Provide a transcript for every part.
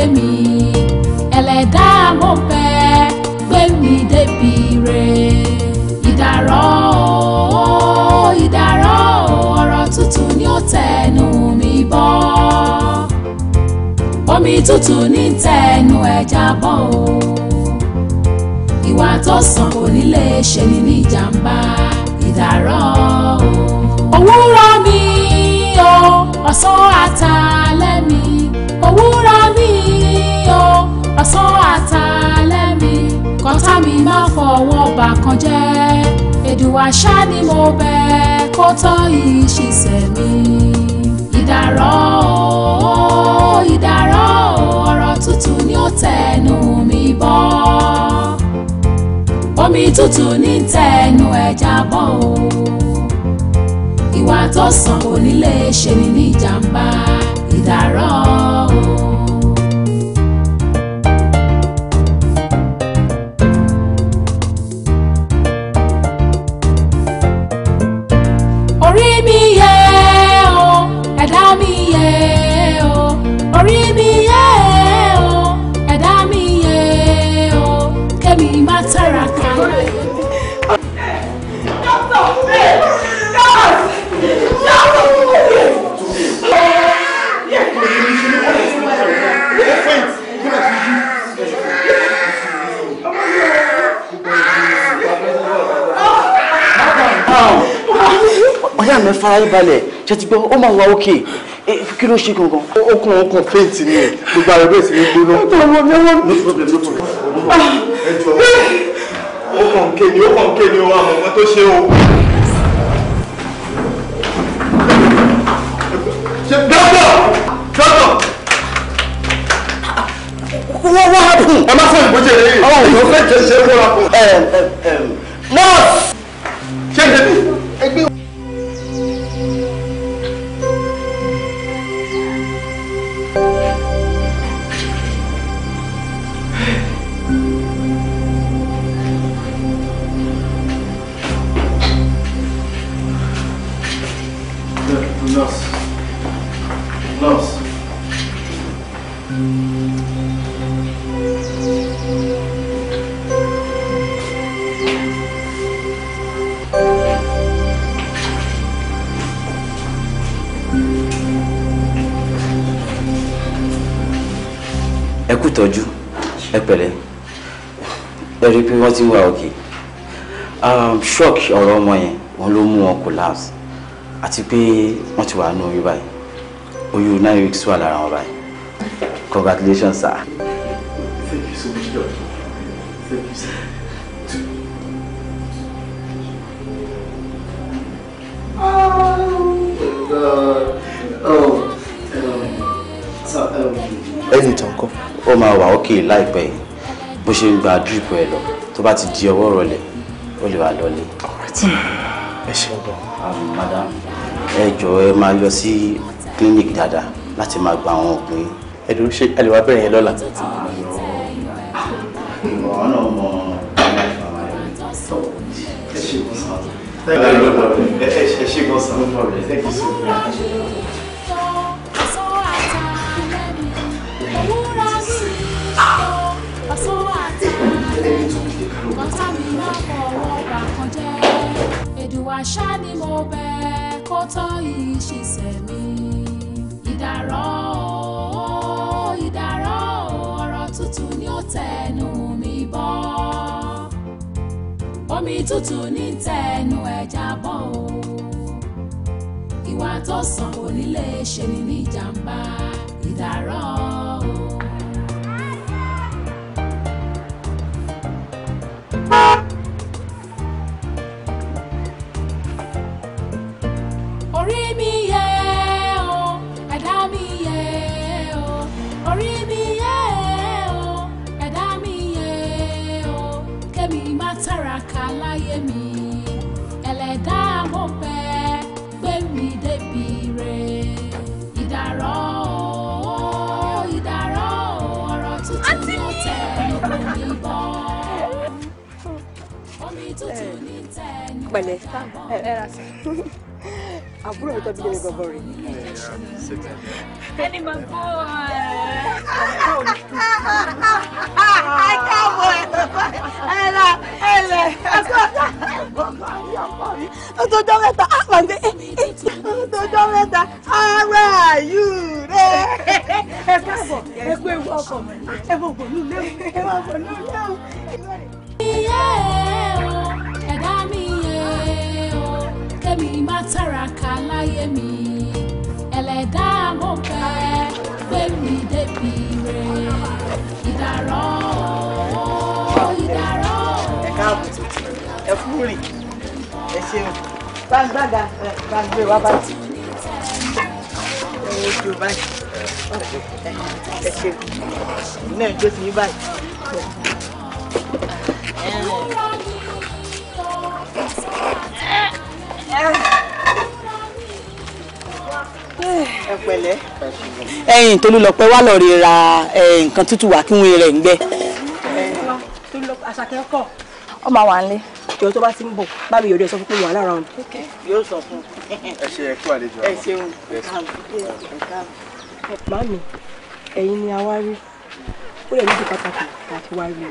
ayé mi ẹlẹ́dà mo fẹ́ gbé mi débi re ìdàrọ́ o ìdàrọ́ o ọ̀rọ̀ tútù ni ó tẹnu mi bọ́ omi tútù ní tẹnu ẹja bọ́ o ìwà tó sàn kò ní lè ṣe ni ní ìjàmbá ìdàrọ́ o òwúrọ̀ mi o ọ̀sán àtàlẹ́ mi òwúrọ̀ mi ọ̀sán àtàlẹ́ mi kọ́tà mi má fọwọ́ bà kan jẹ́ èdùwà ṣá ni mo bẹ̀ kó tọ́ ìṣiṣẹ́ mi. ìdàrọ́ o ìdàrọ́ o ọ̀rọ̀ tútù ni ó tẹnu mi bọ́ omi tútù ní tẹnu ẹja bọ́ o ìwà tó sàn kò ní lè ṣe ni ní ìjàmbá ìdàrọ́ o. ẹ fara yín balẹ̀ ṣe ti gbọ́ ó máa wà òkè kí ló ṣe gangan. ó kàn ó kàn paint ni ẹ gbogbo àrẹ bẹ́ẹ̀ sì ń gbóná. ó kàn wọ́n mi wọ́n mi. no problem no problem ẹ jọ ó kàn ké ni ó kàn ké ni ó wà mọ̀ nǹkan tó ṣe o. dọ́tọ̀ dọ́tọ̀. wọ́n wá hapun. ẹ má fọ ìbújẹ lẹ́yìn. ọ̀hún oh. ló fẹ́ kí ẹ ṣe é wọ́n hapun. Um, um, um. nọ́ọ̀sì. ẹ kú tọ́jú ẹ pé wọ́n ti wà òkè um, shock ọ̀rọ̀ ọmọ yẹn òun ló mú wọn collapse àti pé wọ́n ti wà nù oyún báyìí oyún nine weeks wà lára wọn báyìí congratulations sir. thank you so much doctor thank you sir. Ah, oh, oh, um, so, um, Anytime, come ó máa wà ókè láìpẹ́ yìí bó ṣe ń gba drip ẹ lọ tó bá ti di ọwọ́ rọlẹ̀ ó lè wà lọlé. ẹ ṣe ọgbọ. Um, madam ẹ jọ̀ọ́ ẹ máa lọ sí clinic dáadáa láti máa gba àwọn oògùn yìí. ẹ dúró ṣe ẹ lè wá bẹ̀rẹ̀ yẹn lọ́la. ọ̀rọ̀ náà ẹ ṣe gbọ́sán. ẹ ṣe gbọ́sán. àṣà ni mo bẹ̀ kó tọ́ ìṣiṣẹ́ mi ìdàrọ́ o ìdàrọ́ o ọ̀rọ̀ tútù ni ó tẹnu mi bọ́ omi tútù ní tẹnu ẹja bọ́ o ìwà tó sàn kò ní lè ṣe ní ìjàmbá ìdàrọ́ o. pẹ̀lẹ́ ẹ̀rà sí àbúrò mi tọ́jú lórí gbọ̀ngàn rẹ̀. ẹni máa gbọ́ ẹ káàbọ̀ ẹ ra ẹ lẹ̀ ọtọjọ mẹ́ta àpàdé ọtọjọ mẹ́ta ara yù rẹ. ẹ káàbọ̀ ẹ kú ewu ọkọ̀ ẹ bọ̀ bọ̀ nílé o ẹ bọ̀ bọ̀ nílé o. mi má tàràkà láyé mi ẹlẹ́dàá mo fẹ́ gbé mi débi rẹ̀ ìdàrọ́ ìdàrọ́. ẹ káàbọ̀ títí ẹ fún rìn ẹ ṣeun gbàgbàgà gbàgbé wa bá ti ẹ ojú báyìí ẹ ṣeun náà jó sí yín báyìí. ẹ̀pẹ̀lẹ́. ẹ̀yin Tolúlọpẹ́ wà lọ rí ra nǹkan tútù wá kí wọn rẹ ń gbẹ. àṣàkẹ́ kọ̀ ọ máa wà nílé. ìjọ tó bá ti ń bọ̀ bá mi yọ̀dọ̀ sọ fún pé wà lára ọ̀hún. yóò sọ fún un. ẹ ṣe ẹ kú àlejò àwọn. ẹ ṣeun màámi ẹ̀yin ni a wá rí ó lè níbi pàtàkì láti wá rí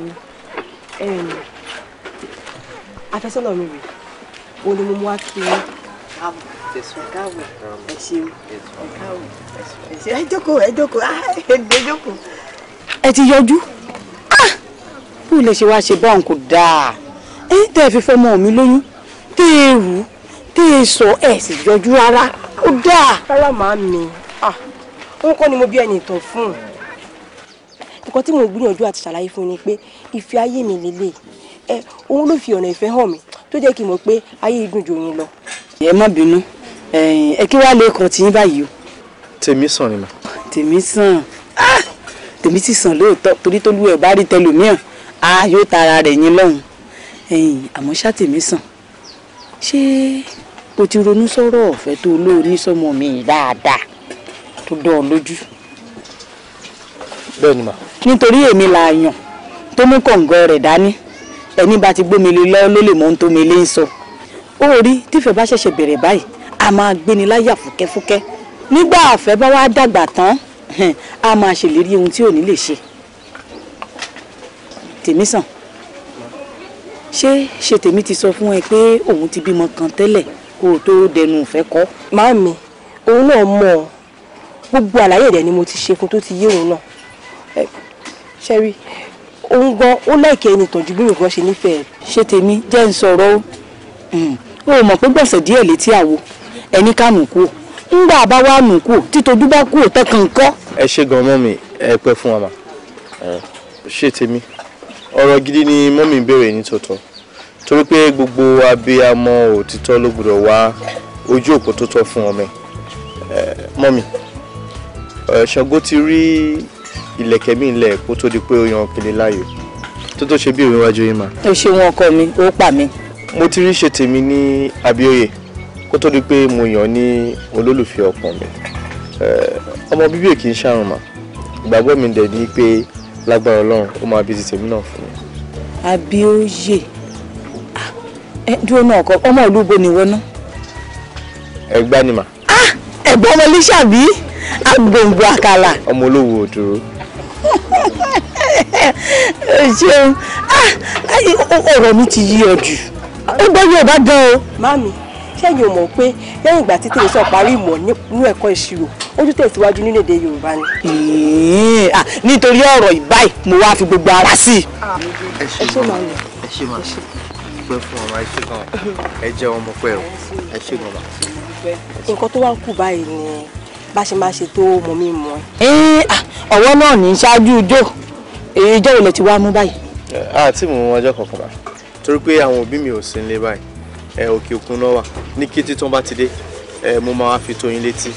yín afẹ́sọ́nà mi rèé òun ni mo wá kí wọn. ẹ̀káwọ̀ ẹ ṣeun ẹ̀káwọ̀ ẹ ṣe ẹ jókòó ẹ jókòó ah, ẹ jókòó. ẹ ti yọjú ah, bí ilé ṣe wáá ṣe báwọn kò dáa ẹ̀yin tẹ́ ẹ fi fọmọ mi lóyún tẹ́ ẹ rù ú tẹ́ ẹ sọ ẹ sì yọjú rárá ó dáa. rárá màá mi ah, òun kọ́ ni mo bí ẹnì tán fún un nǹkan tí mo gbìyànjú àti ṣàlàyé fún ni pé ìfẹ́ ayé mi lélẹ̀ ẹ òun ló fi ọ̀nà ìfẹ́ hàn mi tó jẹ́ kí n mọ̀ pé ayé igun jò yín lọ. ẹ má bínú ẹ kí wàá lè kàn tí yín báyìí o. tèmi sàn ni mà. tèmi sàn ah! tèmi sì sàn lóòótọ́ torí tó lú ẹ̀ bá rí tẹlòmíràn a yóò tara rẹ̀ yín lọ́hùn àmọ́ ṣá tèmi sàn ṣé o ti ronú sọ̀rọ̀ ọ̀fẹ́ tó olóòní sọmọ mi dáadáa tó dán ọ lójú. bẹ́ẹ̀ ni mà. nítorí èmi la yàn tó mú kọ̀ǹgọ́ rẹ̀ dání ẹni bá ti gbómi lé lọ́wọ́ ló lè mọ ohun tó mi lé ń sọ ó rí tífẹ̀ bá ṣẹ̀ṣẹ̀ bẹ̀rẹ̀ báyìí a máa gbéni láyà fúkẹ́fúkẹ́ nígbà àfẹ́ bá wá dàgbà tán a máa ṣèlérí ohun tí ò ní lè ṣe tèmi sàn ṣé ṣe tèmi ti sọ fún ẹ pé òun ti bímọ kan tẹ́lẹ̀ kó o tó dẹnu ìfẹ́ kọ́. màámi òun náà mọ̀ ọ́ gbogbo àlàyé rẹ̀ ni mo ti ṣe fún tó ti yé òun náà ṣẹ́rí òun gan ó láìkẹ́ ẹni tọ̀jú bí nǹkan ṣe nífẹ̀ẹ́. ṣé tèmi jẹ́ ń sọ̀rọ̀ o hmm. ò mọ̀ pé gbọ̀sẹ̀ díẹ̀ létí àwo ẹni ká nù kú ńgbà bá wà nù kú títojú bá kú òtẹ́ kan kọ́. ẹ ṣe gan mọ́mì ẹ pẹ́ fún wa mà ṣé tèmi ọ̀rọ̀ gidi ni mọ́mì ń béèrè ní tòótọ́ torí pé gbogbo abiyamọ òtítọ́ ló gbọdọ̀ wá ojú òpó tó tọ́ fún ọmọ ẹ mọ́mì ṣàngó ti rí ilẹ̀kẹ̀ mi ńlẹ̀ kó tó di pé ó yan òkèlè láàyò tó tó ṣe bí òwe wájú yín mà. o ṣe wọn ọkọ mi ó pa mi. mo ti rí ṣe tèmi ní abíòye kó tó di pé mo yàn ní olólùfẹ́ ọkàn mi ọmọ bíbí èkì ń ṣàrùn mà ìgbàgbọ́ mi dẹ̀ ni pé lágbára ọlọ́run ó máa bí ti tèmi náà fún mi. abíòye ah, dúró náà kọ ọmọ ìlú bo nìwọ ná. ẹgbẹ́ ni mà. Ah, ẹ̀gbọ́n ọmọ iléṣàbí agbòǹgbò àkàlà. ọmọ olówó òdòrò. ṣeun ah, ọ̀rọ̀ mi ti yí ọ jù ó gbọ́ yóò bá gan o. mami ṣẹ́yìn ò mọ̀ pé lẹ́yìn ìgbà tí tèmísọ̀ parí ìmọ̀ nínú ẹ̀kọ́ ìṣirò ojú tẹ̀síwájú nínú èdè yorùbá ni. Ah, nítorí ọ̀rọ̀ ìbáyìí mo wá fi gbogbo ara sí i. Ah, ẹ ṣe máa ń lọ ẹ ṣe máa ń lọ pẹ́ fún ọmọ ẹ ṣe gan ẹ jẹ́ ọmọ pẹ́ o ẹ ṣe gan ma. nǹkan tó wá ń kù báyìí ni bá ṣe máa ṣètò mọ̀mí mọ́ ẹ. ọ̀wọ́ náà ní ṣáájú ijó èyí jẹ́ ìlẹ̀ tí wàá mú báyìí. àti mò ń ọjọ́ kankan bá torí pé àwọn òbí mi ò sí nílé báyìí ẹ òkè òkun náà wà ní kété tó ń bá ti dé ẹ mo máa fi tó yín létí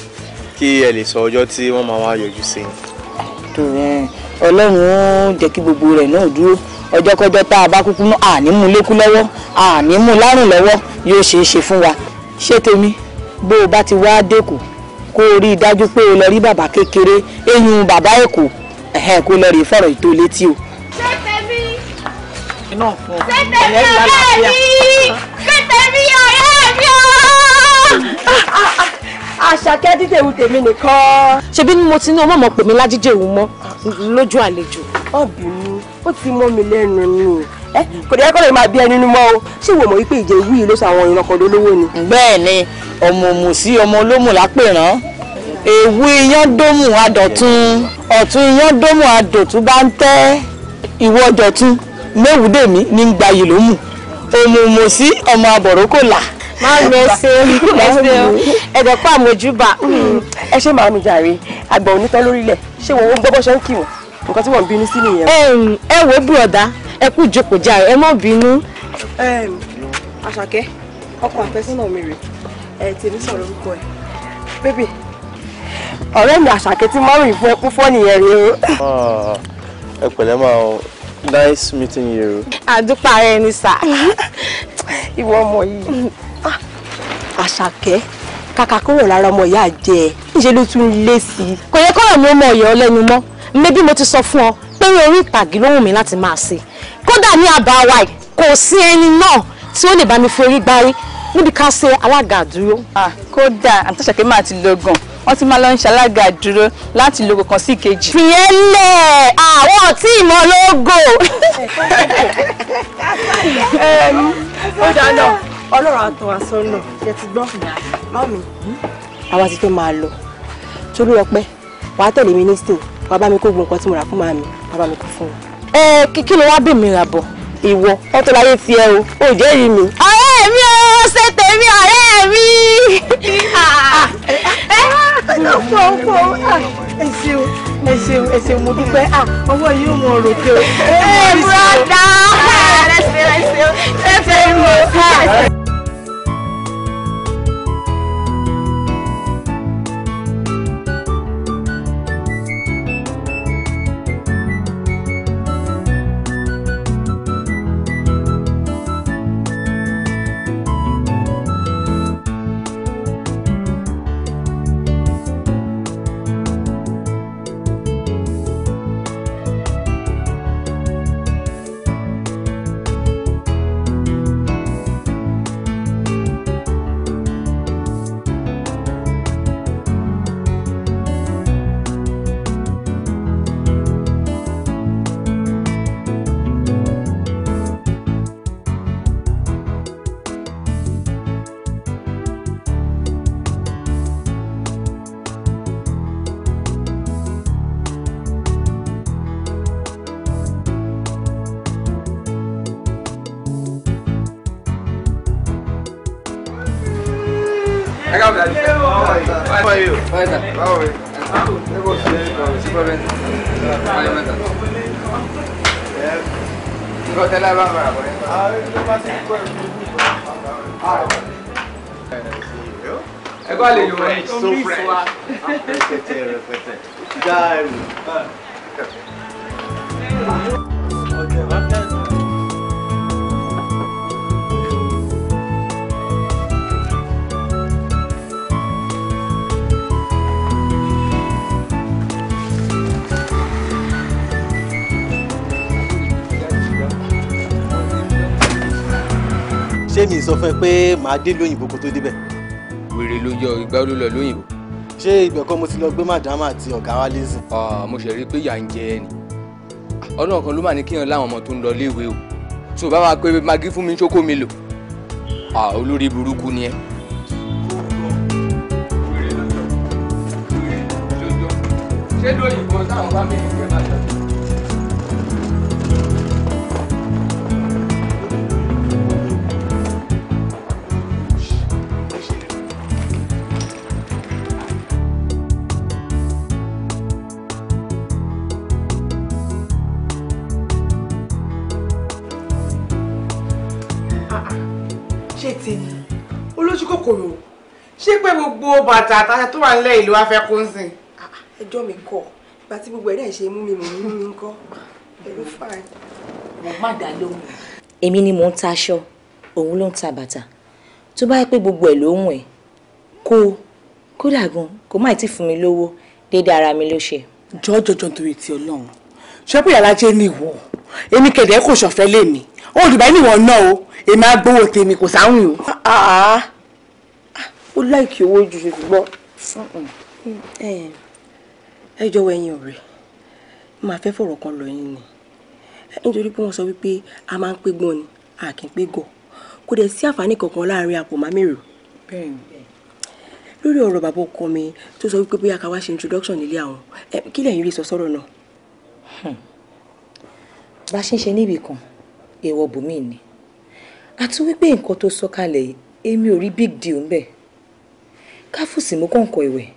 kí ẹ lè sọ ọjọ́ tí wọ́n máa wá yọjú sí yín. ọlọ́run ó jẹ́ kí gbogbo rẹ̀ náà dúró ọjọ́kọ́jọ́ tá a bá kúkú náà àní mú lékú lọ́wọ́ àní mú lárùn lọ́wọ́ yóò ṣeé ṣe fún wa ṣé tèmi bó o bá ti wá dẹ́kù kó o rí i dájú pé o lọ rí bàbá kékeré eyín bàbá èkó ẹ̀hẹ́n kó lọ rèé fọ̀rọ̀ ètò létí o. ṣé tẹ̀mí ṣé tẹ̀mí ọ̀rẹ́ mi ṣé tẹ̀mí ọ̀rẹ́ mi o àṣàkẹ́ dídè ewu tèmi nìkan. ṣebí ni mo ti ní ọmọ ọmọ pèmí lájíjẹ ewu mọ lójú àlejò. ọbìnrin ó ti mọ mi lẹ́nu ni ẹ kò dé ẹkọlẹ máa bí ẹni nínú mọ o ṣé wò mọ wípé ìjẹ ìwú yìí ló sọ àwọn ìrànkọ lólówó ni. bẹ́ẹ̀ ni ọmọ òmùsí ọmọ olómù lápèrán èwu iyán dómù adọ̀tun ọ̀tún iyán dómù adọ̀tun bá ń tẹ́ ìwọ ọ̀dọ̀tun mẹ́wùdèmí ní gbayì lómù òmùmùsí ọmọ àbọ̀rọ̀ kò là. máàmì ẹsẹ ẹdẹ kó àmójúbà ẹ ṣe màámi jàre àgbà onípẹ́ lórílẹ̀ ṣé wọn ó gbọ́ bó ṣe ń kì wọ́n nǹkan tí wọ́n ń bínú sí nìyẹn. ẹ wo bùrọ̀dá ẹ kú ìjókòó jàre ẹ má bínú. àṣàkẹ́ ọkọ àfẹ́sọ́nà mi rè é tèmi sọ̀rọ̀ orúkọ ẹ̀ bébì ọ̀rẹ́ mi àṣàkẹ́ tí mọ́rùn ìfún ẹkún fọ́ọ̀nì yẹn rí o. ẹ pẹ̀lẹ́ máa o nice meeting you. àdúpà rẹ ni sà ìwọ ọmọ yìí ah, àṣàkẹ́ kàkà kúrò lára ọmọ ìyá jẹ ẹ níṣẹ ló tún lé sí i. kò yẹ kọ́rọ̀ mi ó mọ ọ̀yọ́ lẹ́nu mọ́ mébí mo ti sọ fún ọ pé orí ìtàgé ló wù mí láti máa ṣe kódà ní àbá wa kò sí ẹni náà tí ó lè bá mi fi gbárí níbi ká ṣe alága dúró. Ah, kódà àtàṣàkè máa ti lọ gan wọ́n ti máa lọ ń ṣe alága dúró láti logo kan sí ìkejì. fìyẹn lẹ̀ àwọn tí ìmọ̀ lógo. ó dáná ọlọ́run àtọ̀ àsọ̀nà ṣe ti gbọ́ mọ́mí. àwa ti fẹ́ máa lọ torí ọpẹ́ wàá tẹ̀lé mi ní stò wàá bá mi kó gbogbo nǹkan tí mo rà fún màmí wàá bá mi kó fún wọn. ẹ eh, kí ló wá bèmí rà bọ̀ ìwọ ọtọ láyé tiẹ o ò jẹ́ rí mi. ayé ah! mi ọ̀rẹ́ mi. ẹ ọ̀pọ̀ ọ̀pọ̀ ẹ ṣeun ẹ ṣeun ẹ ṣeun mo dúpẹ́ ah, ọwọ́ yóò mọ òròkè o. ẹ bùrọ̀dá ah, ẹ ṣe ẹ ṣe ẹ ṣe mo. Ah. dé lóyìnbó kó tó débẹ̀. wèrè ló yọ ìgbà ló lọ lóyìnbó. ṣé ibẹ̀ kọ́ mo ti lọ gbé màdámà àti ọ̀gá wa lézì. mo ṣe rí i pé ìyà ń jẹ ẹ ni kan ló mà ní kíyàn láwọn ọmọ tó ń lọ léèwé o tó bá wàá pé magi fún mi ṣókó mi lò olórí burúkú ni ẹ. ṣé lóyìnbó táwọn bá mi ní pé màdá pé gbogbo bàtà àtàṣà tó wà nílẹ̀ ìlú wa fẹ́ kó ń sìn. Ah, ah, ẹjọ́ mi kọ̀ ìgbà tí gbogbo ẹ̀dá ìṣe mú mi mú mi ń kọ́ pẹ̀lú fáìn. mo má dá lóhùn. èmi ni mò ń ta aṣọ òun ló ń ta bàtà tó bá yẹ pé gbogbo ẹ̀ lóhùn ẹ̀ kó kódà gan kó má ti fún mi lówó dédé ara mi ló ṣe. jọ́jọ́jọ́ nítorí ti ọlọ́run ṣé bóyá alájẹ́ ní ìwọ èmi kẹ̀dẹ̀ kò ṣọ̀fẹ́ lèmi olùbẹ́ níwọ̀n náà o èmi á tèmi kò sáwìn o. Ah, ó láìkí owó ju ṣùgbọ́n eh, eh. ẹ jọ̀wọ́ ẹ̀yin ọ̀rẹ́ máa fẹ́ fọ̀rọ̀ kan lọ yín ni nítorí pé wọ́n sọ wípé a máa ń pé gbọ́n ni a kì í pé gọ̀ kò dẹ̀ sí àǹfààní kankan láàrin àpò mámẹ́rò lórí ọ̀rọ̀ bàbá ọkọ mi tó sọ wípé bóyá ká wá ṣe introduction nílé àwọn kí lẹ̀yin rí sọ sọ́rọ̀ náà. Hmm. bá a ṣe ń ṣe níbì kan èèwọ̀ bùnmí ni àti wípé nǹkan tó sọ kalẹ̀ yìí èmi ò rí big deal ń bẹ̀ ká fòsì mú kọ̀ǹkọ̀ ìwẹ̀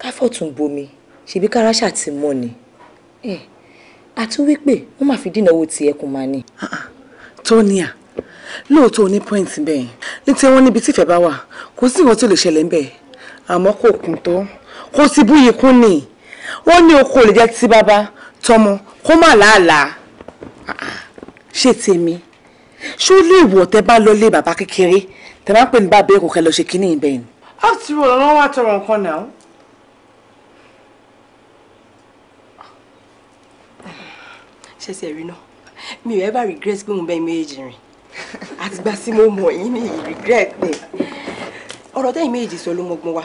ká fọ̀tún bomi ṣebí káràṣà ti mọ́ ni àti wípé wọ́n máa fi dínà owó ti ẹkùn máa ní. Ah, ah, tọ́níà lóòótọ́ ní point bẹ́ẹ̀ ní tí wọ́n níbi tífẹ̀ bá wà kò sí nǹkan tó lè ṣẹlẹ̀ ńbẹ̀ àmọ́ kò kún tó kò sí búyì kún ni wọ́n ní oko lè jẹ́ ti bàbá tọmọ kó má làálàá ah, ṣé tèmi ṣó lè wọ̀ tẹ́ bá lọ lé bàbá kékeré tẹ́ bá pè ní bàbá èkó kẹ́ lọ ṣe kínní ìbẹ̀yìn after all I don't want to run ṣẹ̀ṣẹ̀ rí náà mi ò ẹ́ bá regret pé mo bẹ́ méjì rìn àtìgbà tí mo mọ̀ yín mi regret pé ọ̀rọ̀ tẹ́yìn méjì sọ ló mọgbọ́n wa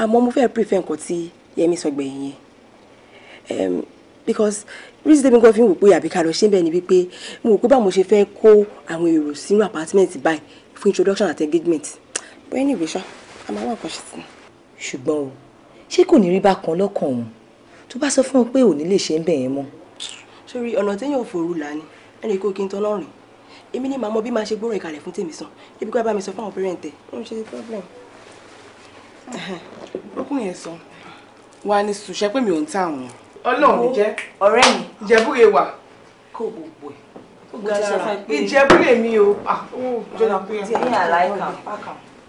àmọ́ mo fẹ́ prefer nǹkan tí Yẹmí sọ gbẹ̀yìn yẹn because reason tẹ́mi kan fi ń wò pé àbíká lọ ṣe ń bẹ̀ ni wípé mo rò pé báwo mo ṣe fẹ́ kó àwọn èrò sínú apartment báyìí fún introduction àti engagement but anyway ṣá. Sure a máa wá nǹkan ṣe sí i. ṣùgbọ́n o ṣé kò ní rí bákan lọ́kàn òun tó bá sọ fún ọ pé òní lè ṣe ń bẹ̀ yẹn mọ́. sórí ọ̀nà téèyàn ò fòrú là ni ẹnì kò kí n tán lọ́rùn èmi ni màá mọ bí màá ṣe gbóòrò ìkàlẹ̀ fún tèmi sàn débi kó bá mi sọ fún àwọn pẹ́rẹ́ǹtẹ̀ ó ń ṣe problem. ọkùnrin yẹn sọ wa ni sùṣẹ́ pé mi ò ń tà wọ́n. ọlọ́run mi jẹ́ ọ̀rẹ́ mi ìjẹ́búre wà kó gbogbo ẹ̀ ìjẹ́búre mi o. Ah, ó jọ́nà pé ẹ̀ ń bá kàn.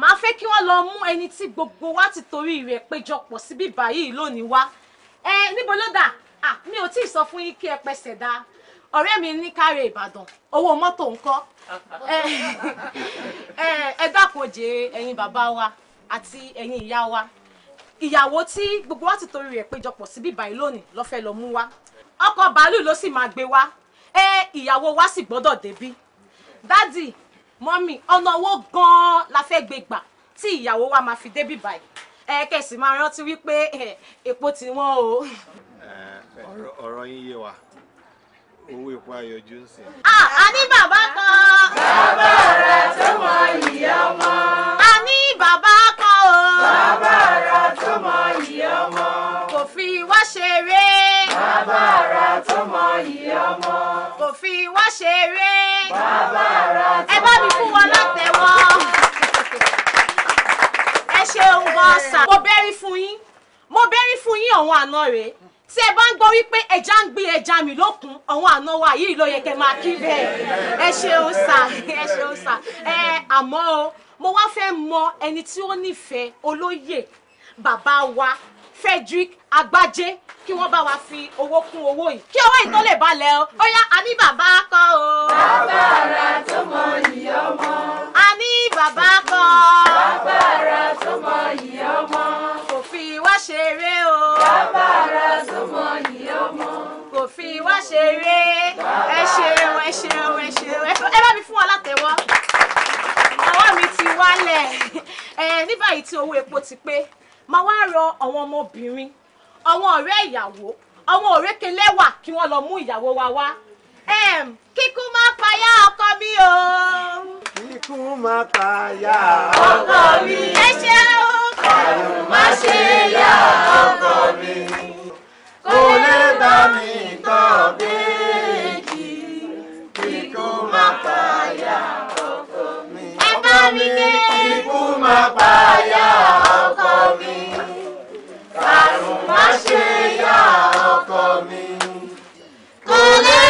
màá fẹ́ kí wọ́n lọ mú ẹni tí gbogbo wa ti torí rẹ̀ péjọpọ̀ síbí báyìí lónìí wá ẹ níbo ló dà mi ò tí ì sọ fún yín kí ẹ pẹsẹ̀ dá ọ̀rẹ́ mi ní kárẹ̀ ìbàdàn owó mọ́tò ńkọ́ ẹ dákun jèrè ẹ̀yin bàbá wa àti ẹ̀yin ìyá wa ìyàwó tí gbogbo wa ti torí rẹ̀ péjọpọ̀ síbí báyìí lónìí ló fẹ́ lọ mú wa ọkọ̀ bàálù ló sì máa gbé wa ẹ ìyàwó wa sì gbọ́dọ̀ débí dádì mọ́mì ọ̀nà owó gan-an la fẹ́ gbé gbà tí ìyàwó wa máa fi débì báyìí ẹ kẹsì máa rántí wípé epo ti wọ́n o. ọ̀rọ̀ yín yé wa owó epo ayọ̀jú ń sìn. a ní bàbá kan. bàbá rẹ̀ tó mọ ìyá ọmọ. a ní bàbá kan o. bàbá rẹ̀ tó mọ ìyá ọmọ. kò fi wá ṣeré bàbá ara tó mọ iye ọmọ. kò fi wá ṣeré. bàbá ara tó mọ iye ọmọ. ẹ bá mi fún wọn látẹ̀wọ́. ẹ ṣeun gan sa. mo bẹ́rí fún yín mo bẹ́rí fún yín ọ̀hún àná rèé tí ẹ bá ń gbọ́ wípé ẹja ń gbé ẹja mi lókun àwọn àna wa yìí ló yẹ kẹ́ máa kí bẹ́ẹ̀ ẹ ṣeun sà ẹ ṣeun sà ẹ àmọ́ o mo wá fẹ́ mọ ẹni tí ó nífẹ̀ẹ́ olóyè bàbá wa Frederick Agbájé kí wọ́n bá wa fi owó kún owó yìí kí owó yìí tó lè balẹ̀ o ó yá a ní bàbá kọ́ o. bàbá ara tó mọ ìyá ọmọ. a ní bàbá kọ́. bàbá ara tó mọ ìyá ọmọ. kò fi wá ṣeré o. bàbá ara tó mọ ìyá ọmọ. kò fi wá ṣeré. ẹ ṣeun ẹ ṣeun ẹ ṣeun ẹ bá mi fún ọ látẹ̀wọ́ ọwọ́ mi ti wálẹ̀ ẹ ní báyìí tí owó epo ti pé máa wá rọ àwọn ọmọbìnrin àwọn ọ̀rẹ́ ìyàwó àwọn ọ̀rẹ́ kelẹ́wà kí wọ́n lọ mú ìyàwó wa wá kíkú má payá ọkọ mi o. kíkú má payá ọkọ mi. ẹ ṣeun kọrùn má ṣe yá ọkọ mi. kò lè bá mi tọ́ béèkì kíkú má payá ọkọ mi. ẹ bá mi ní kíkú má payá.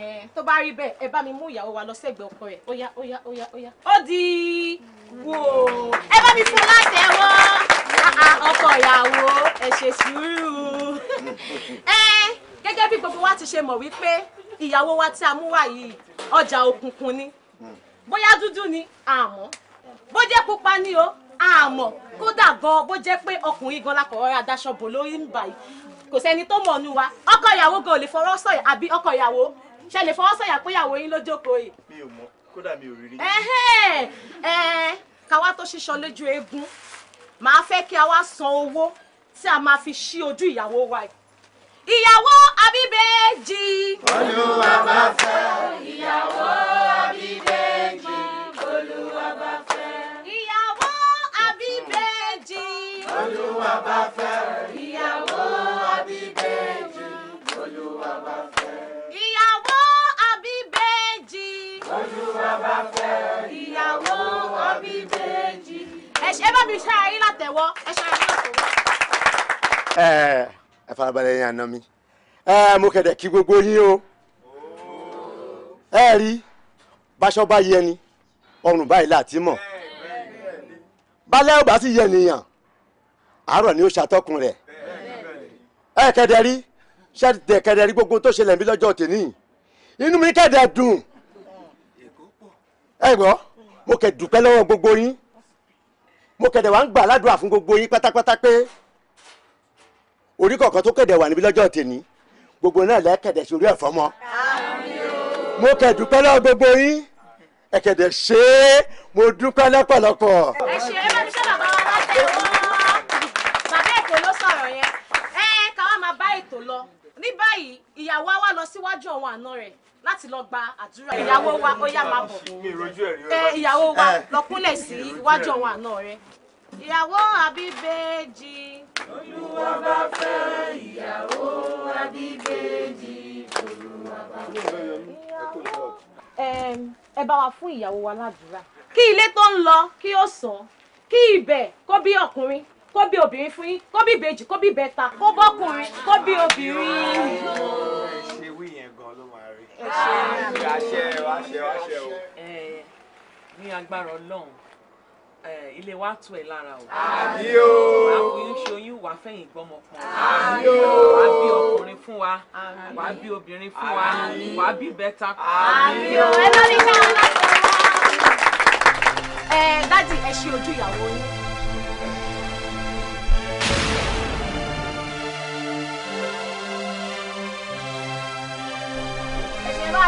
Eh, tó bá rí bẹ́ẹ̀ ẹ bá mi mú ìyàwó wa lọ sẹ́gbẹ̀ẹ́ ọkọ rẹ̀ ó yá ó yá ó yá ó yá ó di wò ẹ bá mi fún látẹ̀wọ́ ah, ah, ọkọ ìyàwó ẹ ṣe sùúrù ẹ eh, gẹ́gẹ́ bí gbogbo wa ti ṣe mọ̀ wípé ìyàwó wa tí a mú wá yìí ọjà òkùnkùn ni bóyá dúdú ni àmọ́ bó jẹ́ pupa ni o àmọ́ kódà gan bó jẹ́ pé ọkùnrin gan lakọ̀ọ́ ra daṣọ bò lórí ń báyìí kò sẹ́ni tó mọ̀ ọ́nú wa ọkọ ìyàwó gan ò lè fọwọ́ sọ̀yà àbí ọkọ ìyàwó ṣe lè fọwọ́ sọ̀yà pé ìyàwó yín ló jókòó yìí. mi ò mọ kódà mi ò rí rí. káwá tó ṣíṣọ lójú eegun màá fẹ́ kí a wá san owó tí a máa fi ṣí ojú ìyàwó wa yìí ìyàwó abíbèjì. olúwa bá fẹ́. ìyàwó abíbèjì. olúwa bá fẹ́. ìyàwó abíbèjì. olúwa bá fẹ́. ìyàwó abíbèjì. olúwa bá fẹ́. bàbá fẹ́ ìyàwó ọbí méjì. ẹ ṣe bá mi ṣe ayé látẹ̀wọ́ ẹ ṣe ayé látẹ̀wọ́. ẹ ẹ farabalẹ̀ yín àná mi mo kẹ̀dẹ̀ kí gbogbo yín o ẹ rí báṣọ bá yẹ ni ọrùn báyìí láti mọ̀ bálẹ̀ ọba sì yẹ nìyàn àárọ̀ ni ó ṣàtọ́kùn rẹ̀ ẹ kẹ̀dẹ̀ rí ṣẹ́ẹ̀dẹ̀ kẹ̀dẹ̀ rí gbogbo tó ṣẹlẹ̀ níbí lọ́jọ́ tèmi inú mi kẹ̀dẹ̀ dùn ẹ gbọ́ mo kẹ̀ dúpẹ́ lọ́wọ́ gbogbo yín mo kẹ̀dẹ̀ wá ń gbà ládùúrà fún gbogbo yín pátápátá pé orí kọ̀ọ̀kan tó kẹ̀dẹ̀ wà níbi lọ́jọ́ tèmi gbogbo náà lẹ́kẹ̀dẹ̀ sórí ẹ̀fọ́ mọ́ mo kẹ̀ dúpẹ́ lọ́wọ́ gbogbo yín ẹ̀kẹ̀dẹ̀ ṣe é mo dúpẹ́ lọ́pọ̀lọpọ̀. ẹ ṣe é bá mi ṣe bàbá wa bá tẹ̀ wọ́n bàbá ètò ló sọ̀rọ̀ yẹn ẹ káwọn máa bá ètò lọ ní báyìí ìyàwó wa lọ síwájú àwọn àna rẹ̀ láti lọ gba àdúrà ìyàwó wa ó yá máa bọ̀ ìyàwó wa lọ́kúnlẹ̀ sí iwájú ọ̀hún àná rẹ ìyàwó àbíbèjì. olúwa bá fẹ́ ìyàwó àbíbèjì olúwa bá fẹ́ ìyàwó. ẹ bá wa fún ìyàwó wa ládùúrà kí ilé tó ń lọ kí ó sọ kí ibẹ̀ kó bí ọkùnrin kó bí obìnrin fún yín kó bí ìbejì kó bí ìbẹta kó bọ́kùnrin kó bí obìnrin. ẹ ṣe wí yẹn gan ló àṣẹ o àṣẹ o àṣẹ o. ní agbára ọlọ́run ilé wa tu ẹ lára o. àbí o. àbúyún ṣoyún wà fẹ̀yìn gbọ́mọ pọn. àbí o. wà á bí ọkùnrin fún wa. wà á bí obìnrin fún wa. wà á bí bẹ́tà. àbí o. ẹ lórí ká ọlọ́pàá. ẹ dájú ẹ ṣe ojú ìyàwó yín.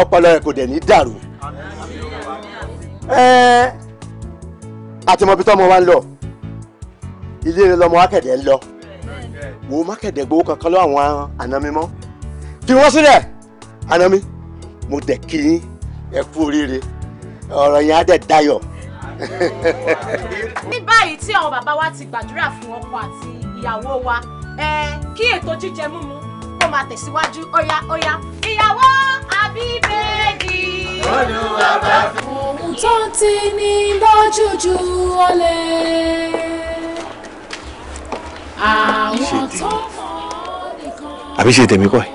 ọpọlọ ẹ kò dẹ̀ ní dàrú. ẹ àtìmọ̀bí tọ́mọ wa ń lọ ilé rẹ lọmọ akẹ̀dẹ̀ ń lọ wo mákẹ̀dẹ̀ gbowó kankan lọ àwọn àna mi mọ́ fi wọ́n sílẹ̀ mo dẹ̀ kí yín ẹ kú oríire ọ̀rọ̀ yẹn á dẹ̀ dayọ̀. ní báyìí tí àwọn bàbá wa ti gbàdúrà fún ọkọ àti ìyàwó wa kí ètò jíjẹ mímu kó máa tẹ̀síwájú óyá óyá ìyàwó àbíbèjì. olúwa bá fún. ohun tó ń tì ní lójú ju olè. àwọn tó mọ̀ nìkan. àbí ṣe tèmi kọ́ ẹ̀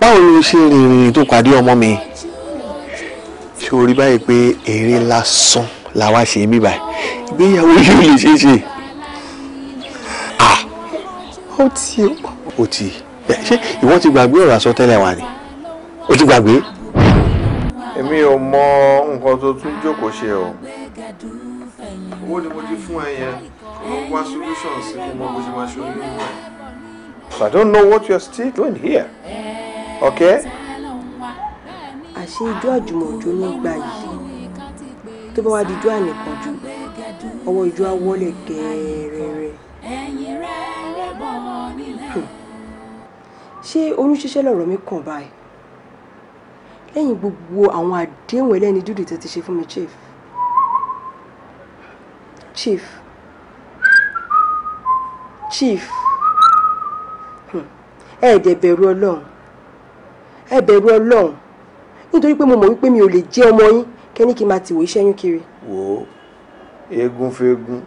báwo ló ṣe rìnrìn tó pàdé ọmọ mi ṣé o rí báyìí pé eré lásán làwa ṣe ń bíbà ìgbéyàwó yóò lè ṣeé ṣe ó ti ó ti ṣé ìwọ ti gbàgbé ọ̀rọ̀ àsọtẹ́lẹ̀ wa ni ó ti gbàgbé. èmi ò mọ nǹkan tó tún jókòó ṣe o owó ni mo ti fún ẹ yẹn kó wá solution sí mo mọ bó ṣe máa ṣe olóyún ẹ. So I don't know what you're still doing here. Okay? àṣé ijó àjùmọ̀jó ló ń gbà yìí tó bá wá di ijó ànìkànjú ọwọ́ ijó á wọlé gẹ́ẹ́rẹ́rẹ́ ẹ̀yìn rẹ̀ rẹ̀bọ̀ nílẹ̀. ṣé oyún ṣíṣẹ́ lọ̀rọ̀ mi kàn báyìí lẹ́yìn gbogbo àwọn àdéhùn ẹlẹ́ni dúdú tó ti ṣe fún mi chief chief chief hmm. ẹ ẹ̀ dẹ̀ bẹ̀rù ọlọ́run ẹ bẹ̀rù ọlọ́run nítorí pé mo mọ̀ wípé mi ò lè jẹ́ ọmọ yín kẹ́ni kí n máa tìwò iṣẹ́ yín kiri. wò ó eégún fún eégún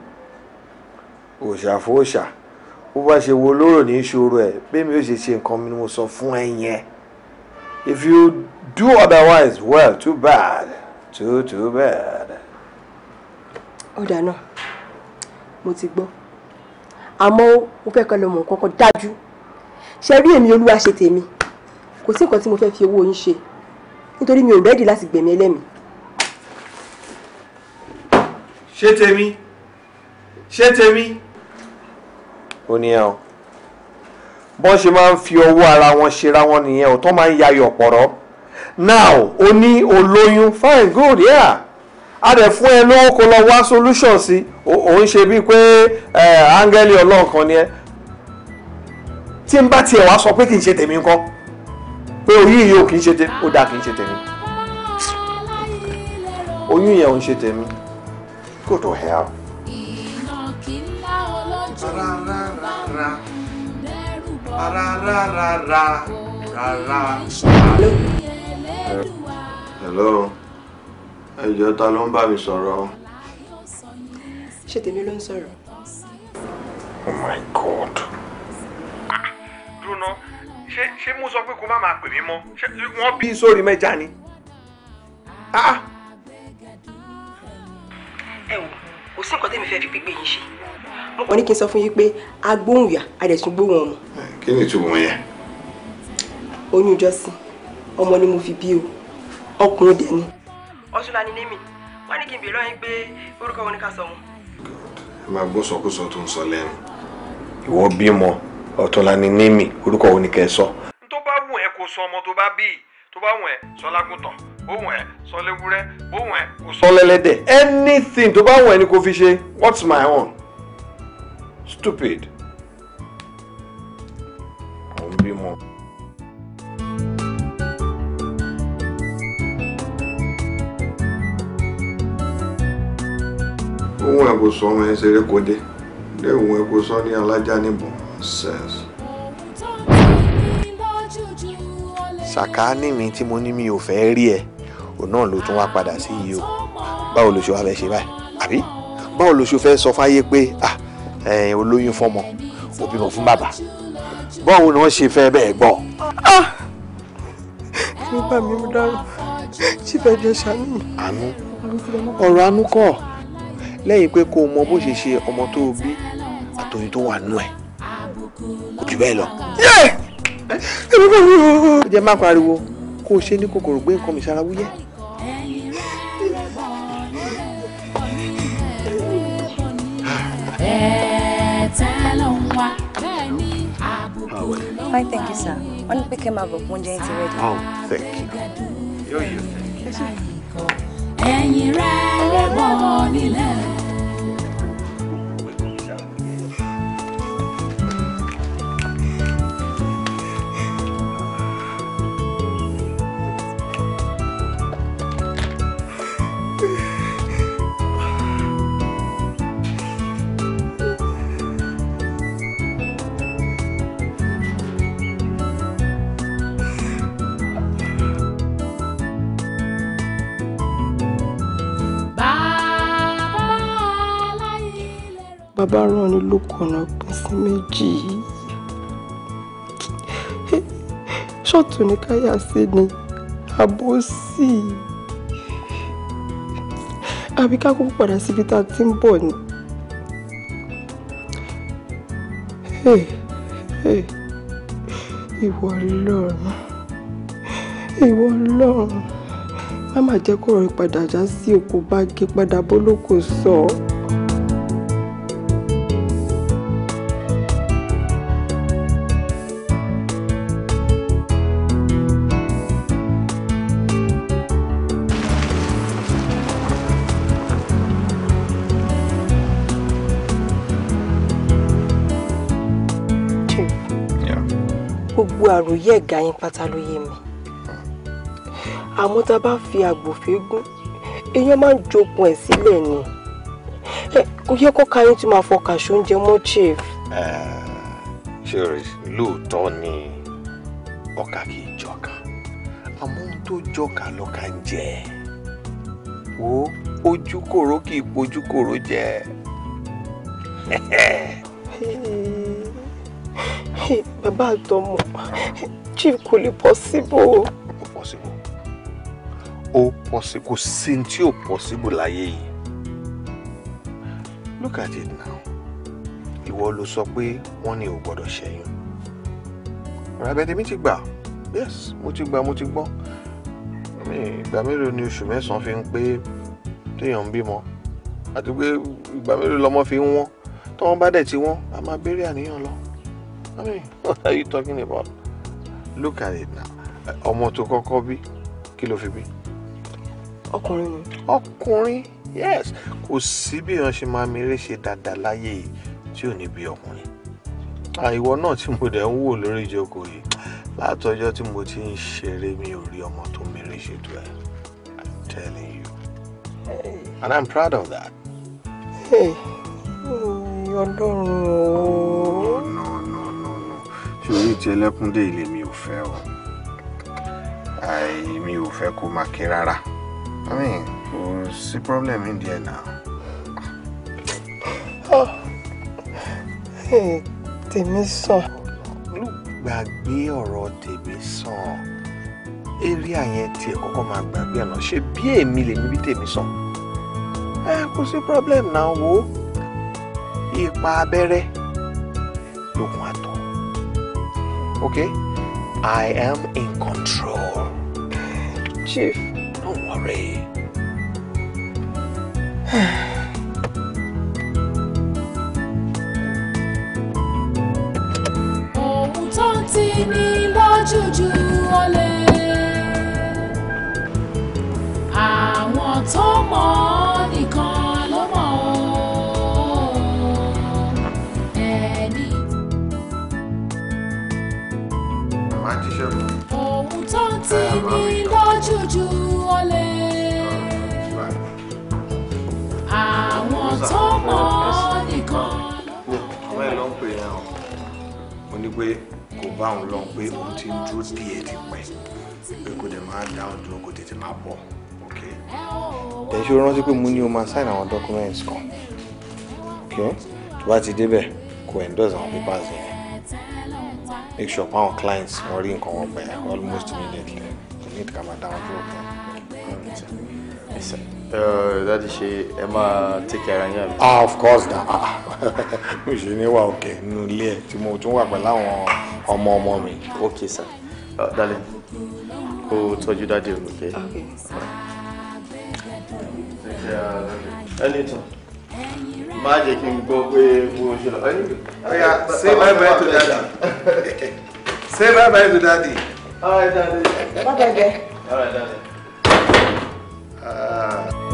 òòṣà fòòṣà bó bá ṣe wo lóró ní ìṣòro ẹ bẹ́ẹ̀ mi ò ṣe ṣe nǹkan mi ni mo sọ fún ẹ yẹn if you do otherwise well too bad too too bad. ọ̀dà náà mo ti gbọ́ àmọ́ mo fẹ́ kọ́ lọ mọ̀ kankan dájú ṣe rí èmi olúwa ṣe tèmi kò sí nǹkan tí mo fẹ́ fi owó yín ṣe nítorí mi ò rẹ́dì láti gbẹ̀mí ẹlẹ́mìí. ṣé tèmi ṣé tèmi ó nìyẹn o bọ́n ṣe máa ń fi ọwọ́ ara wọn ṣera wọn nìyẹn o tó máa ń yayọ̀ pọ̀rọ̀ now ó ní olóyún fine good yeah a dẹ̀ fún ẹ lọ́wọ́ kó lọ wá solution sí ò ń ṣe bíi pé áńgẹ́lì ọlọ́run kan ni ẹ tí n bá tiẹ̀ wá sọ pé kì í ṣe tèmi ńkọ́ pé oyún yìí ò kì í ṣe tèmi ó dáa kì í ṣe tèmi oyún yẹn ò ń ṣe tèmi go to hell ra ra ra ra ra ra. hello ẹ jọ̀ọ́ ta ló ń bá mi sọ̀rọ̀. ṣé tèmi ló ń sọ̀rọ̀. oh my god. dúró ṣé ṣé mo sọ pé kó má máa pè mí mọ́ ṣé wọ́n bí sórí mẹ́ja ni. Ah! ẹ wò kò sí nǹkan tẹ́mi fẹ́ fi gbégbé yín ṣe wọ́n ní kí n sọ fún yín pé agbóhùnyà adẹ̀sùn gbóhùn ọmọ. kí ni ìtumọ̀ yẹn. oyún ìjọsìn ọmọ ni mo fi bí o ọkùnrin dẹ̀ ni. ọ̀ṣunlá ni némi wọ́n ní kí n bèèrè lọ́yìn pé orúkọ wọn ni ká sọ wọn. ẹ máa gbọ́ sọkúsọ tó ń sọ lẹ́nu. ìwọ bímọ ọ̀túnla ni némi orúkọ wọn ni kẹ́ ẹ sọ. tó bá wù ẹ́ kó sọ ọmọ tó bá bí tó bá wù ẹ́ sọlágùntàn bóhùn ẹ sọlẹ́wúrẹ́ bóhùn ẹ kò sọ lẹ́lẹ́dẹ̀ anything tó bá wù ẹ́ ni kò fi ṣe what's my own stupid. Mo ń bímọ. ohun ẹ̀ kò sọ ọmọ ẹ̀ ṣeré kò dé lé ohun ẹ̀ sọ ní alájà níbọn sense. sàkáání mi tí mo ní mi ò fẹ́ rí ẹ òun náà ló tún wá padà sí yìí o báwo lo ṣe wá fẹ́ ṣe báyìí àbí báwo lo ṣe fẹ́ sọ fáyé pé ah olóyún fọmọ ó bímọ fún bàbá bọ́ọ̀hún ni wọ́n ṣe fẹ́ bẹ́ẹ̀ gbọ́. Ah! nígbà mi mo dárò síbẹ̀ jẹ́ ṣàánú mi. àánú ọ̀rọ̀ àánú kọ́ lẹ́yìn pé kó o mọ bó ṣe ṣe ọmọ tó o bí àtòyìn tó wà nú ẹ̀ kò jù bẹ́ẹ̀ lọ. ó jẹ́ má pariwo kó o ṣe ní kòkòrò gbé nǹkan mi sára wúyẹ́. tẹ́tẹ́ fine thank you sir wọ́n ní pé kẹ́ máa bọ̀ fún oh thank you. ẹ̀yìn rẹ̀ lè bọ̀ bá rán ni lókun ọ̀nà pín sí méjì ṣọ́ọ̀tún ní káyà sí ni àbòsí àbí ká kúkú padà síbi tá a ti ń bọ̀ ni. ìwọ ọlọ́run ìwọ ọlọ́run má má jẹ́ kó rọrùn padà já sí òkú bá gé padà bó ló sọ ọ́. àròyé ẹ̀gá yín pátá ló yé mi àmọ́ tá a bá fi àgbòfé gún èèyàn máa ń jogun ẹ̀ sílẹ̀ ni kò yẹ kó ka yín tí máa fọkà ṣóúnjẹ mọ́ chief. lóòótọ́ ni ọkà kì í jọkà àmọ́ ohun tó jọkà lọ́kà ń jẹ wo kì í jẹ. bàbá àtọmọ chief kò lè possible. ó possible ó possible kò sí possible láyé look at it now ìwọ ló sọ pé wọ́n ní ò gbọ́dọ̀ ṣẹ́yún rabẹ́dẹ́ mi ti gbà yes mo ti gbà mo ti gbọ́ ìgbà mélòó ni oṣù mẹ́sàn-án fi ń pé téèyàn ń bímọ àti pé ìgbà mélòó lọmọ fi ń wọ́n tọ́wọ́n a máa I mean, what are you talking about? Look at it now. Ọmọ tó kọ́kọ́ bí, kí ló fi bí? Ọkùnrin ni. Ọkùnrin, yes. Kò sí bí wọ́n ṣe máa mèrè ṣe dáadáa láyé yìí tí ò ní bí ọkùnrin. Àìwọ náà tí mo dẹ̀ ń wò lórí ìjókòó yìí. Látọjọ́ tí mo ti ń ṣeré mi ò rí ọmọ tó mèrè ṣe tó ẹ̀. I'm telling you. Hey. And I'm proud of that. Hey. Hmm, Ọlọ́run ooo. Oh, torí ti ẹlẹ́kúndé ilé mi ò fẹ́ o àì mi ò fẹ́ kó má ké rárá i mean kò sí problem in there now. Ah. Eh, tèmi sàn ló gbàgbé ọ̀rọ̀ tèmi sàn area yẹn tiẹ̀ kọ́kọ́ máa gbàgbé ọ̀nà ṣé bí èmi lèmi bí tèmi sàn eh, kò sí problem náà wo ipa abẹ́rẹ́ lókun àtọ̀. okay? I am in control. Chief, don't worry. pé kò bá òun lọ pé òun ti ń dúró díẹ̀ ti pẹ́ pé kò dẹ̀ máa dá òun dúró kò tètè máa bọ̀ ok. ẹ ṣe rántí pé mo ní o máa sign àwọn documents kan ok tó bá ti débẹ̀ kò endorse àwọn papers yẹn make sure pa àwọn clients wọn rí nǹkan wọn pẹ̀ almost immediately kò need to dáhùn down. kan. Yes, sir dadi ṣe ẹ máa take ara yín ah of course na We should know what. Okay, no ilé Tomorrow, tomorrow, mo tún wà on àwọn ọmọ Okay, sir uh, darling kó o tọ́jú dadi o ok. ẹni tán má jẹ́ kí n gbọ́ pé mo say bye bye to dadi say bye bye to dadi. all right dadi. bye bye all right dadi. à...